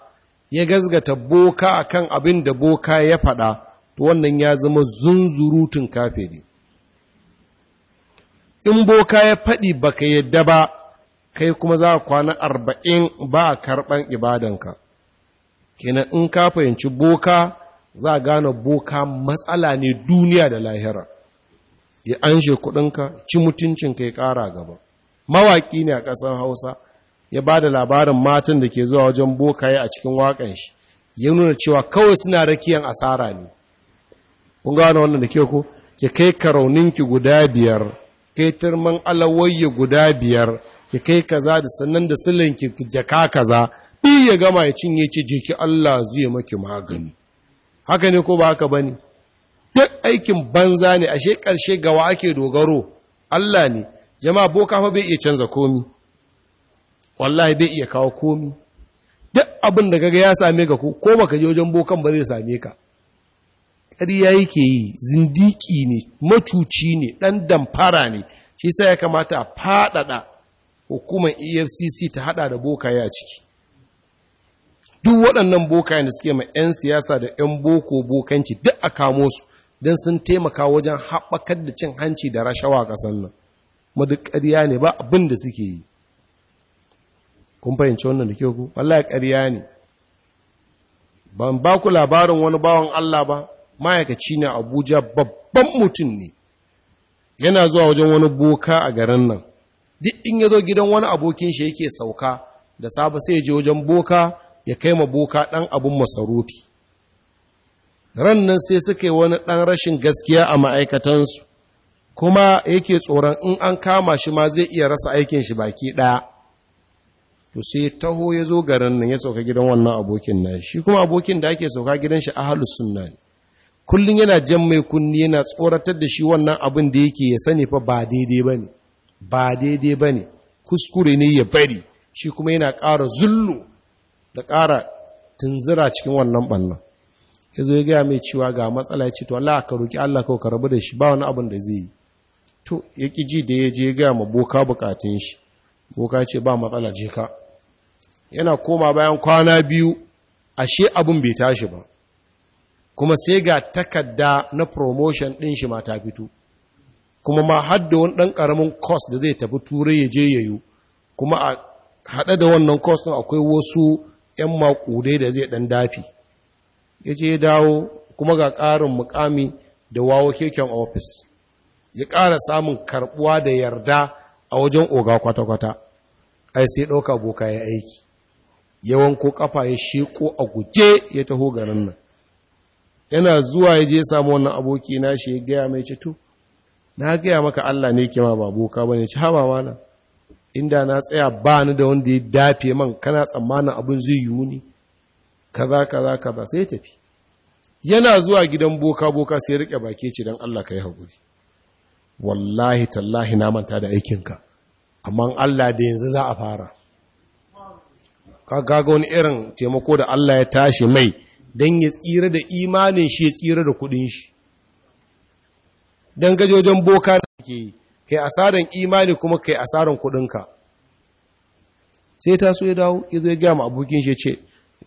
ya gazgata boka akan abin da boka ya faɗa to wannan ya zama zunzurutun kafiri in boka ya faɗi baka yadda ba kai kuma za kwana arba'in ba a karɓan ibadanka kenan in ka fahimci boka za a gane boka matsala ne duniya da lahira ya anshe kudinka ci mutuncinka ya ƙara gaba mawaƙi ne a ƙasar hausa ya ba da labarin matan da ke zuwa wajen boka ya a cikin waƙan shi ya nuna cewa kawai suna rakiyan asara ne kun gano wannan da ke ko ki kai karauninki guda biyar kai turman alawayya guda biyar ki kai kaza da sannan da silin ki jaka kaza bi ya gama ya cinye ki je ki Allah zai maki magani haka ne ko ba haka bane duk aikin banza ne ashe karshe gawa ake dogaro Allah ne jama'a boka fa bai iya canza komi wallahi bai iya kawo komi duk abin da kaga ya same ka ko ko baka je wajen bokan ba zai same ka ƙarya yake yi zindiki ne macuci ne ɗan damfara ne shi sai ya kamata a faɗaɗa hukumar efcc ta hada da bokaye a ciki duk waɗannan bokaye da suke ma 'yan siyasa da 'yan boko bokanci duk a kamo su don sun taimaka wajen haɓakar da cin hanci da rashawa a ƙasar nan madu ƙarya ne ba abin da suke yi kun fahimci wannan da ke ku wallahi ƙarya ne ban ba ku labarin wani bawan Allah ba ma'aikaci ne abuja babban mutum ne yana zuwa wajen wani boka a garin nan duk in ya zo gidan wani abokin shi yake sauka da sabu sai je wajen boka ya kai ma boka ɗan abun masarufi ran nan sai suka yi wani ɗan rashin gaskiya a ma'aikatansu kuma yake tsoron in an kama shi ma zai iya rasa aikin shi baki ɗaya to sai taho ya zo garin nan ya sauka gidan wannan abokin nan shi kuma abokin da ake sauka gidan shi ahalus sunna ne kullum yana jan mai kunni yana tsoratar da shi wannan abin da yake ya sani fa ba daidai ba ne ba daidai ba ne kuskure ne ya bari shi kuma yana ƙara zullu da ƙara tunzira cikin wannan ɓannan ya zo ya gaya mai cewa ga matsala ya ce to Allah ka roƙi Allah kawai ka rabu da shi ba wani abin da zai yi to ya ƙi ji da ya je ya gaya ma boka buƙatun shi boka ce ba matsala je ka yana koma bayan kwana biyu ashe abin bai tashi ba kuma sai ga takarda na promotion ɗin shi ma ta fito kuma ma hadda wani ɗan ƙaramin kwas da zai tafi turai ya je ya yi kuma a haɗe da wannan kwas ɗin akwai wasu 'yan maƙudai da zai ɗan dafi ya ce ya dawo kuma ga ƙarin mukami da wawo keken ofis ya ƙara samun karɓuwa da yarda a wajen oga kwata-kwata ai sai ɗauka boka ya aiki yawan ko ƙafa ya sheko a guje ya taho garin nan yana zuwa ya je samu wannan aboki na shi ya gaya mai cito na gaya maka Allah ne ke ma ba boka ba ne ci haba mana inda na tsaya ba ni da wanda ya dafe man kana tsammanin abin zai yiwu ne kaza kaza kaza sai tafi yana zuwa gidan boka boka sai rike baki ce dan Allah kai hakuri wallahi tallahi na manta da aikin ka amma Allah da yanzu za a fara ka ga wani irin taimako da Allah ya tashi mai dan ya tsira da imanin shi ya tsira da kudin shi don gajojen boka ke yi kai tsarin imani kuma kai tsarin kudinka sai ta so ya dawo ya zo ya gaya abokin shi ce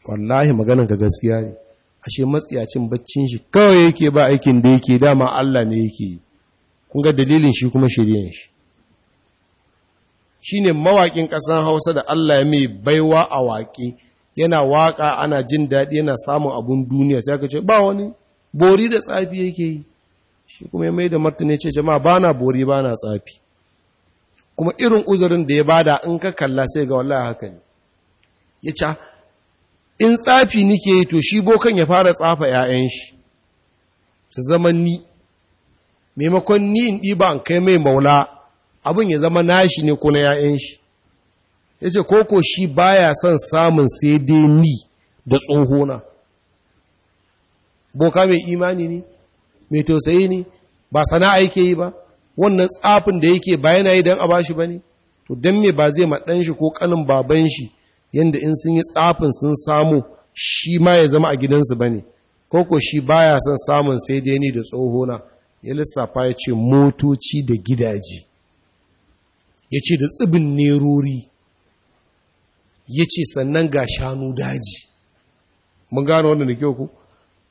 wallahi maganan ka gaskiya ne ashe matsiyacin baccin shi kawai yake ba aikin da yake dama Allah ne yake yi kun ga dalilin shi kuma shirin shi shine mawakin kasan Hausa da Allah ya mai baiwa a waƙe yana waƙa ana jin daɗi yana samun abun duniya sai ka ce ba wani bori da tsafi yake yi shi kuma ya mai da ce jama'a ba na bori ba na tsafi kuma irin uzurin da ya bada in ka kalla sai ga wallahi haka ne ya ca ah, in tsafi nike yi to shi bokan ya fara tsafa 'ya'yan shi su zama ni maimakon ni in ɗiba an kai mai maula abin ya zama nashi ne kuna na 'ya'yan shi ya ce koko shi baya son samun sai dai ni da tsohona boka mai imani ne mai tausayi ne ba sana'a yake yi ba wannan tsafin da yake ba yana yi don a bashi ba ne to don me ba zai maɗan shi ko ƙanin baban shi yadda in sun yi tsafin sun samu shi ma ya zama a gidansu ba ne koko ko shi ya son samun sai dai ni da tsohona ya lissafa ya ce motoci da gidaje ya ce da tsibin nerori ya ce sannan ga shanu daji mun gano wannan da kyau ku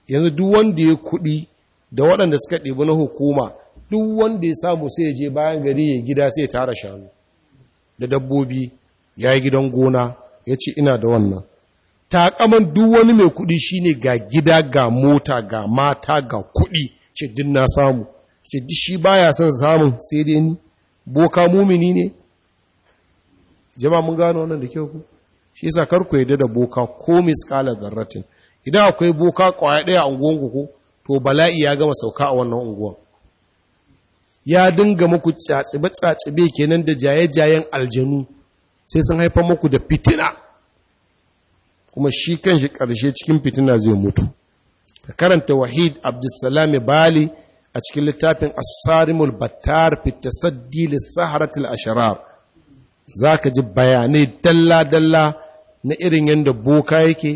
yanzu duk wanda ya kuɗi da waɗanda suka ɗibi na hukuma duk wanda ya samu sai ya je bayan gari ya gida sai ya tara shanu da dabbobi ya yi gidan gona ya ce ina da wannan takaman duk wani mai kuɗi shi ne ga gida ga mota ga mata ga kuɗi ce din na samu ce duk shi baya son samun sai dai ni boka mumini ne jama'a mun gano wannan da kyau ku shi yasa kar ku yarda da boka ko mai miskala zarratin idan akwai boka kwaya ɗaya a unguwanku ko to bala'i ya gama sauka a wannan unguwan ya dinga muku tsatsibe-tsatsibe kenan da jaye-jayen aljanu sai sun haifar muku da fitina kuma shi shi karshe cikin fitina zai mutu ka karanta wahid abdulsalami bali a cikin littafin asarimul battar saddi lissaharatul asharar za ka ji bayanai dalla-dalla na irin yadda boka yake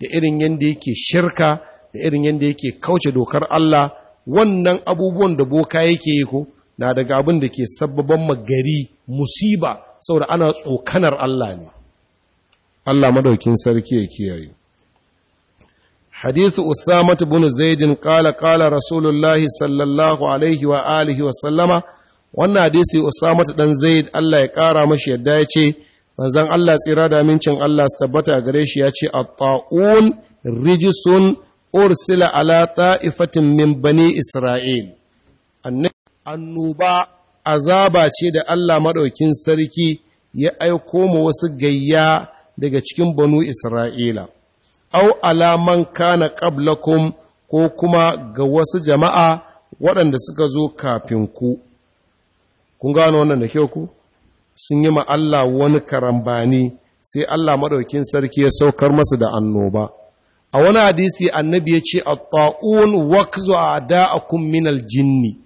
da irin yadda yake shirka da irin yadda yake kauce dokar Allah wannan abubuwan da boka yake yi ko na daga abin da ke sababan magari musiba saboda ana tsokanar Allah ne Allah madaukin sarki ya kiyaye hadithu usamah ibn zaid qala qala rasulullah sallallahu alaihi wa alihi wa sallama wannan hadisi Usama dan Zaid Allah ya kara mashi yadda ya ce manzon Allah tsira da amincin Allah tabbata gare shi ya ce at-ta'un rijsun ursila ala ta'ifatin min bani Isra'il, Annuba azaba ce da Allah maɗaukin sarki ya aiko mu wasu gayya daga cikin banu Isra'ila, au alaman kana ƙablakum ko kuma ga wasu jama'a waɗanda suka zo kafin ku. Kun gano wannan da kyau ku? Sun yi ma Allah wani karambani sai Allah maɗaukin sarki ya saukar masa da annoba. a wani hadisi annabi ya ce a taun waqzu a da'akun minal jinni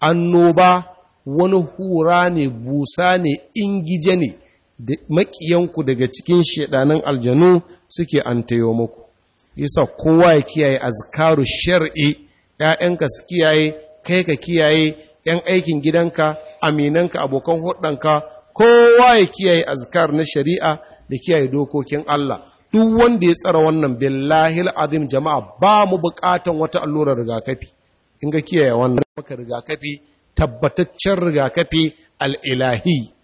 annoba wani hura ne busa ne ingije ne da makiyanku daga cikin shedanan aljanu suke antayo muku isa kowa ya kiyaye azkaru shar'i 'ya'yanka su kiyaye kai ka kiyaye 'yan aikin gidanka aminanka abokan hudanka kowa ya kiyaye azkar na shari'a da kiyaye dokokin Allah duk wanda ya tsara wannan billahi azim jama'a ba mu bukatan wata allurar rigakafi in ga kiyaye wannan maka rigakafi tabbataccen rigakafi al'ilahi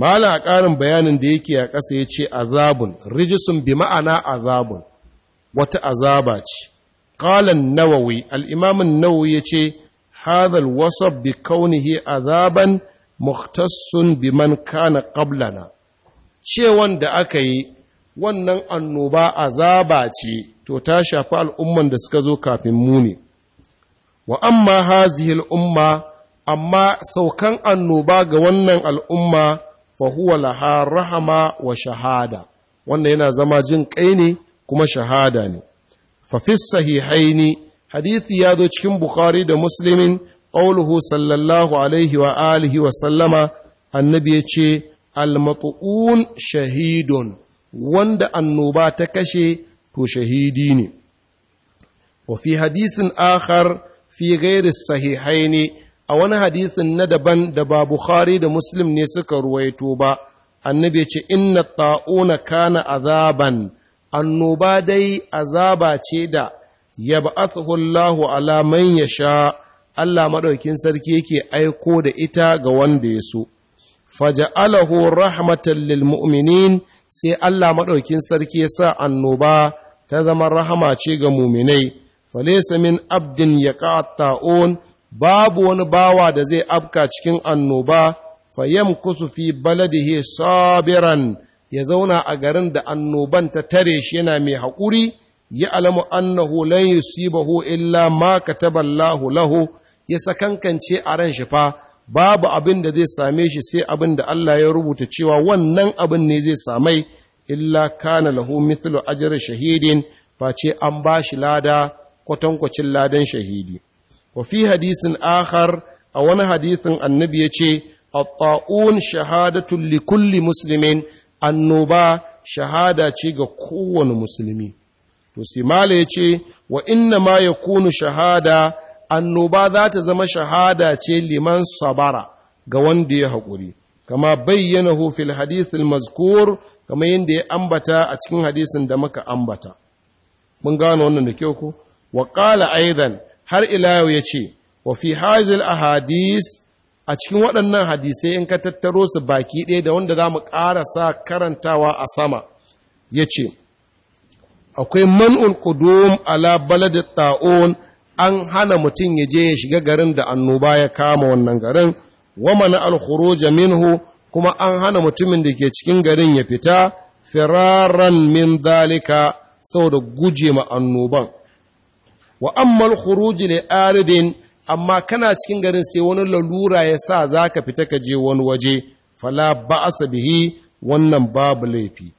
mala ƙarin bayanin da yake a ƙasa ya ce azabun rijisun bi ma'ana azabun wata azaba ce ƙalan nawawi al'imamin nawawi ya ce hadal wasab bi kaunihi azaban muhtassun bi man kana qablana cewan da aka yi wannan annoba azaba ce to ta shafi al'umman da suka zo kafin muni wa amma hazihi al'umma amma saukan annoba ga wannan al'umma fahuwa laha rahama wa shahada wannan yana zama jin kai ne kuma shahada ne fafis ne, hadithi ya zo cikin bukhari da muslimin ƙauluhu sallallahu alaihi wa alihi wa sallama annabi ya ce almatu'un shahidun wanda annoba ta kashe to shahidi ne Wafi hadisin akhar fi sahihai ne. a wani hadisin na daban da ba bukhari da muslim ne suka ruwaito ba annabi ce inna ta'una kana azaban annoba dai azaba ce da yab'athu Allahu ala man sha Allah maɗaukin sarki yake aiko da ita ga wanda ya so faja'alahu rahmatan lil mu'minin sai Allah madaukin sarki yasa annoba ta zama rahama ce ga mu'minai falaysa min abdin yaqata'un babu wani bawa da zai afka cikin annoba fayamkusu fi baladihi sabiran ya zauna a garin da annoban ta tare shi yana mai haƙuri ya alamu annahu lan yusibahu illa ma kataballahu lahu ya sakankance a ran shi fa babu abin da zai same shi sai abin da Allah ya rubuta cewa wannan abin ne zai samai illa kana lahu mithlu ajri shahidin face an ba shi lada kwatankwacin ladan shahidi wa fi hadisin akhar a wani hadisin annabi yace at-ta'un shahadatu li kulli muslimin annoba shahada ce ga kowane musulmi to simala yace wa inna ma yakunu shahada annoba za ta zama shahada ce liman sabara ga wanda ya haƙuri kama bayyana hufil hadithin mazkur kama yadda ya ambata a cikin hadisin da muka ambata mun gano wannan da kyau ko wa aidan har ila ya ce, wa fi hazil hadis a cikin waɗannan hadisai in ka tattaro su baki ɗaya da wanda za mu ƙara sa karantawa a sama Ya ce. akwai man'ul qudum ala balad ta'un an hana mutum ya je ya shiga garin da annoba ya kama wannan garin wa mana alkhuruja minhu kuma an hana mutumin da ke cikin garin ya fita firaran min dalika saboda guje ma annoban wa ammal khuruji ne aridin amma kana cikin garin sai wani lalura ya sa za ka fita ka je wani waje fala a bihi wannan babu laifi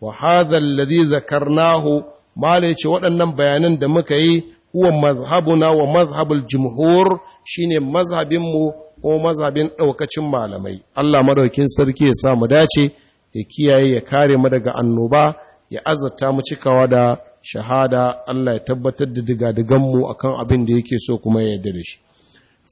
wa hadha alladhi zakarnahu mala yace waɗannan bayanan da muka yi huwa mazhabuna wa mazhabul jumhur shine mazhabin mu ko mazhabin daukacin malamai Allah madaukin sarki ya sa mu dace ya kiyaye ya kare mu daga annoba ya azata mu cikawa da shahada Allah ya tabbatar da digadigan mu akan abin da yake so kuma ya yarda shi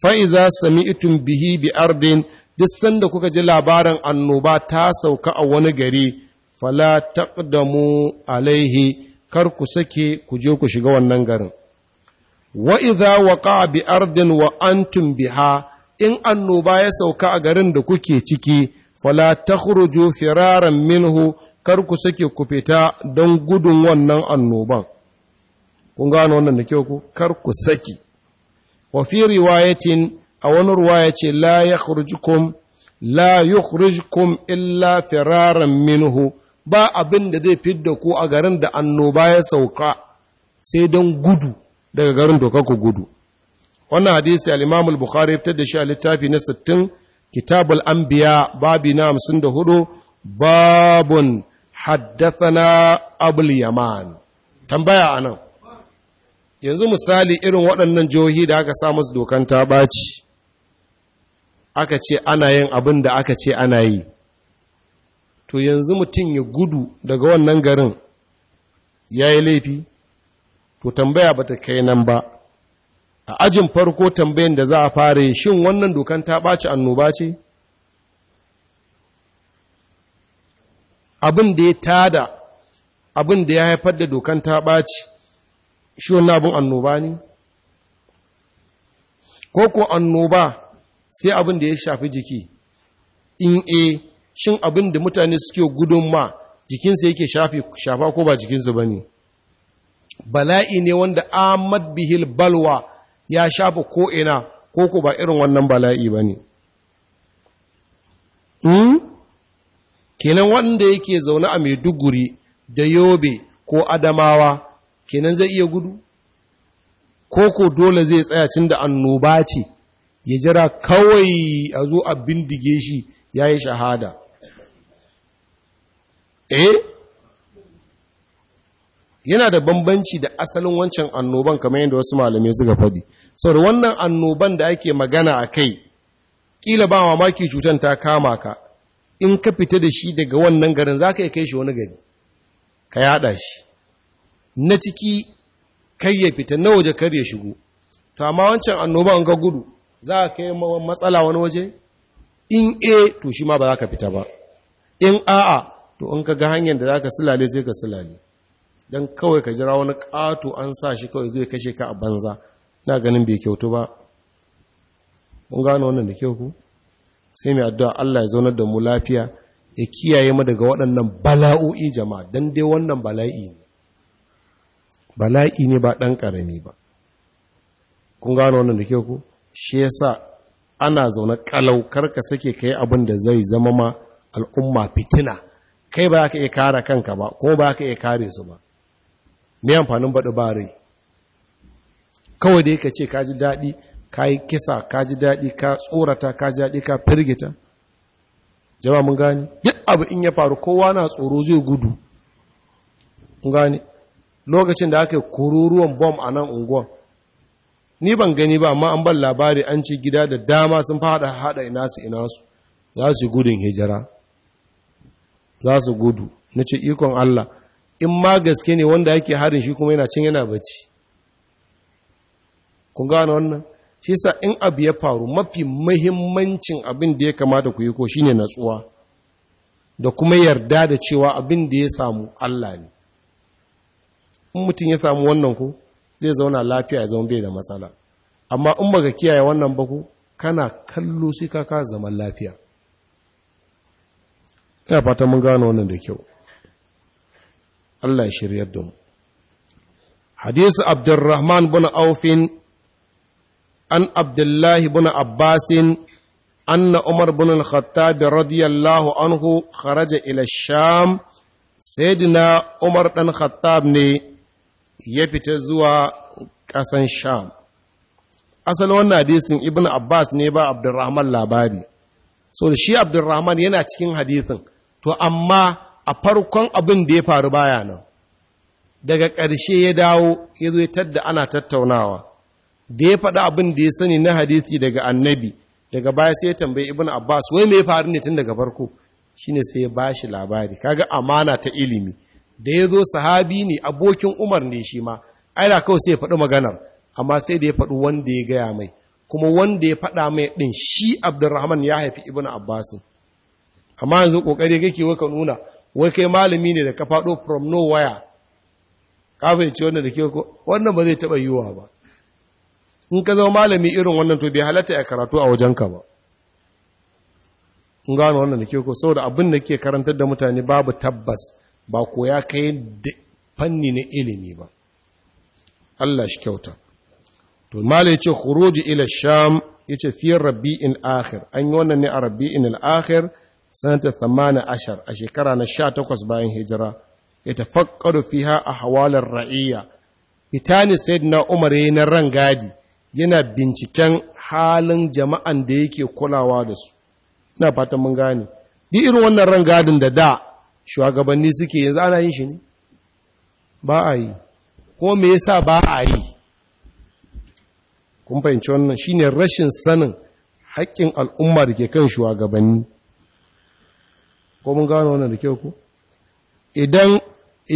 fa iza sami'tum bihi bi ardin duk sanda kuka ji labarin annoba ta sauka a wani gari fala taqdamu alaihi kar ku sake ku je ku shiga wannan garin wa idza waqa bi ardin wa antum biha in annoba ya sauka a garin da kuke ciki fala takhruju firaran minhu kar ku sake ku fita don gudun wannan annoban kun gano wannan da kyau ku kar ku saki wa fi riwayatin a wani ruwaya ce la yakhrujukum la yukhrijukum illa firaran minhu ba abin da zai fidda ku a garin da annoba ya sauka sai don gudu daga garin doka ku gudu wannan hadisi al-imam al-bukhari ya fitar da shi a littafi na 60 kitabul anbiya babi na 54 babun haddathana abul yaman tambaya anan yanzu misali irin waɗannan jihohi da aka sa musu dokan ta ɓaci aka ce ana yin abin da aka ce ana yi to yanzu mutum ya gudu daga wannan garin ya yi laifi to tambaya bata kai nan ba a ajin farko tambayin da za a fara yi shin wannan dokan ta ɓaci annoba ce abin da ya tada abin da ya haifar da dokan ta ɓaci shi wannan abin annoba ne ko ko annoba sai abin da ya shafi jiki in A, e, shin abin da mutane suke gudun ma jikinsa yake shafa ko ba jikinsu ba ne bala'i ne wanda ahmad bihil balwa ya shafa ko'ina ko ku ba irin wannan bala'i ba ne hmm? kenan wanda yake zaune a maiduguri da yobe ko adamawa kenan zai iya gudu ko ko dole zai tsaya cin da annoba ce ya jira kawai a zo a bindige shi ya yi shahada eh yana da bambanci da asalin wancan annoban kamar yadda wasu malamai suka faɗi da wannan annoban da ake magana a kai ƙila ba mamaki cutar ta kama ka in ka fita da shi daga wannan garin za ka iya kai shi wani gari ka yaɗa shi na ciki kai ya fita na waje kar ya shigo to amma wancan annoban ga gudu za ka kai matsala wani waje in a to shi ma ba za ka fita ba in a'a to in ka ga hanyar da za ka silale sai ka silale don kawai ka jira wani ƙato an sa shi kawai zai kashe ka a banza na ganin bai kyautu ba mun gano wannan da kyau ku sai mai addu'a Allah ya zaunar da mu lafiya ya kiyaye mu daga waɗannan bala'o'i jama'a don dai wannan bala'i ne bala'i ne ba ɗan ƙarami ba kun gano wannan da kyau ku shi yasa ana zaune kalau karka sake kai abin da zai zama ma al'umma fitina kai ba ka iya kare kanka ba ko ba ka iya kare su ba mai amfanin baɗi ba rai kawai da yake ce ka ji daɗi ka yi kisa ka ji daɗi ka tsorata ka ji daɗi ka firgita jama mun gani yi abu in ya faru kowa na tsoro zai gudu mun gani lokacin da aka yi kururuwan bom a nan unguwa ni ban gani ba amma an ban labari an ci gida da dama sun fada hada ina su ina su za su gudun hijira za su gudu na ce ikon Allah in ma gaske ne wanda yake harin shi kuma yana cin yana bacci kun gano wannan shi sa in abu ya faru mafi mahimmancin abin da ya kamata ku yi ko shine natsuwa da kuma yarda da cewa abin da ya samu Allah ne in mutum ya samu wannan ku zai zauna lafiya ya zama bai da matsala amma in baka kiyaye wannan ba ku kana kallo sai ka ka zaman lafiya ina fata mun gano wannan da kyau Allah ya shiryar da mu. Hadisu Abdurrahman bin Aufin, an Abdullahi bin Abbasin, an na Umar buna Khattabi radiyallahu anhu kharaja ila sham sayyidina Umar ɗan Khattab ne ya fita zuwa ƙasan sham. Asali wannan hadisin Ibn Abbas ne ba Abdurrahman labari. So, shi Abdurrahman yana cikin hadisin, to, amma a farkon abin da ya faru baya nan daga ƙarshe ya dawo ya zo tadda ana tattaunawa da ya faɗi abin da ya sani na hadithi daga annabi daga baya sai ya tambayi ibn abbas wai me ya faru ne tun daga farko shine sai ya bashi labari kaga amana ta ilimi da ya zo sahabi ne abokin umar ne shi ma ai da kawai sai ya faɗi maganar amma sai da ya faɗi wanda ya gaya mai kuma wanda ya faɗa mai ɗin shi abdurrahman ya haifi ibn abbas amma yanzu kokari kake ka nuna wai kai malami ne da ka faɗo from nowhere ka fahimci wannan da ke ko wannan ba zai taɓa yiwuwa ba in ka zama malami irin wannan to bai halatta ya karatu a wajenka ba in gano wannan da ke ko saboda abin da ke karantar da mutane babu tabbas ba koya kai fanni na ilimi ba Allah shi kyauta to malai ce khuruji ila sham ya ce, fiye rabbi in akhir an yi wannan ne a in al-akhir sanata thamana ashar a shekara na sha takwas bayan hijira ya tafakkaru ha a hawalar ra'iyya hitani na umar yi na rangadi yana binciken halin jama'an da yake kulawa da su ina fatan mun gane duk irin wannan rangadin da da shugabanni suke yanzu ana yin shi ne ba a yi ko me yasa ba a yi kun fahimci wannan shine rashin sanin haƙƙin al'umma da ke kan shugabanni ko mun gano wannan da kyau ku idan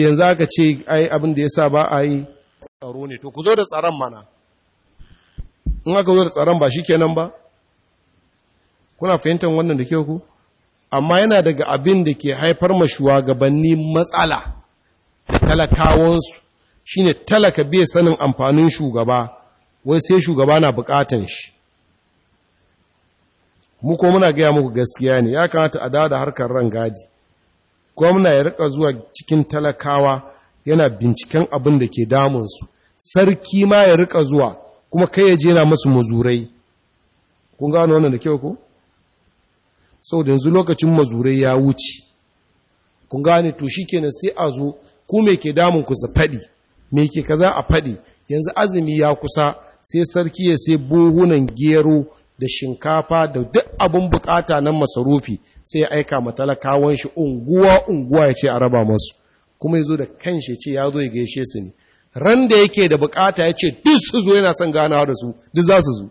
yanzu aka ce ai abin da yasa ba a yi tsaro ne to ku zo da tsaron mana in aka zo da tsaron ba shi shikenan ba kuna fahimtar wannan da kyau ku amma yana daga abin da ke haifar ma shugabanni matsala da talakawansu shine talaka bai sanin amfanin shugaba wai sai shugaba na bukatan shi mu ko muna gaya muku gaskiya ne ya kamata a dada harkar ran gadi gwamna ya rika zuwa cikin talakawa yana binciken abin da ke damunsu sarki ma ya rika zuwa kuma kai ya jena masu mazurai kun gano wannan da kyau ko sau da yanzu lokacin mazurai ya wuce kun gane to shi kenan sai a zo ku me ke damun ku su faɗi me ke kaza a faɗi yanzu azumi ya kusa sai sarki ya sai buhunan gero da shinkafa da duk abin bukata nan masarufi sai ya aika matalakawan shi unguwa unguwa ya ce a raba masu kuma ya zo da kanshi ce ya zo ya gaishe su ne ran da yake da bukata ya ce duk su zo yana son gana da su duk za su zo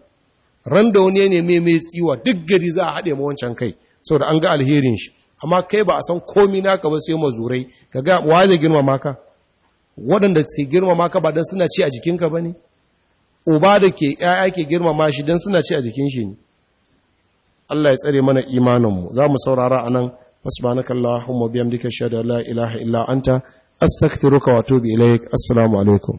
ran da wani ya neme mai tsiwa duk gari za a haɗe ma wancan kai da an ga alherin shi amma kai ba a san komi naka ba sai mazurai ka ga wa zai girmama ka waɗanda su girmama ka ba don suna ci a jikinka ba ne uba da ke ƴaƴa ke girmama shi don suna ce a jikin shi ne Allah ya tsare mana imaninmu za mu saurara a nan subhanaka allahumma bihamdika ashhadu an la ilaha illa anta astaghfiruka wato bi ilaik assalamu alaikum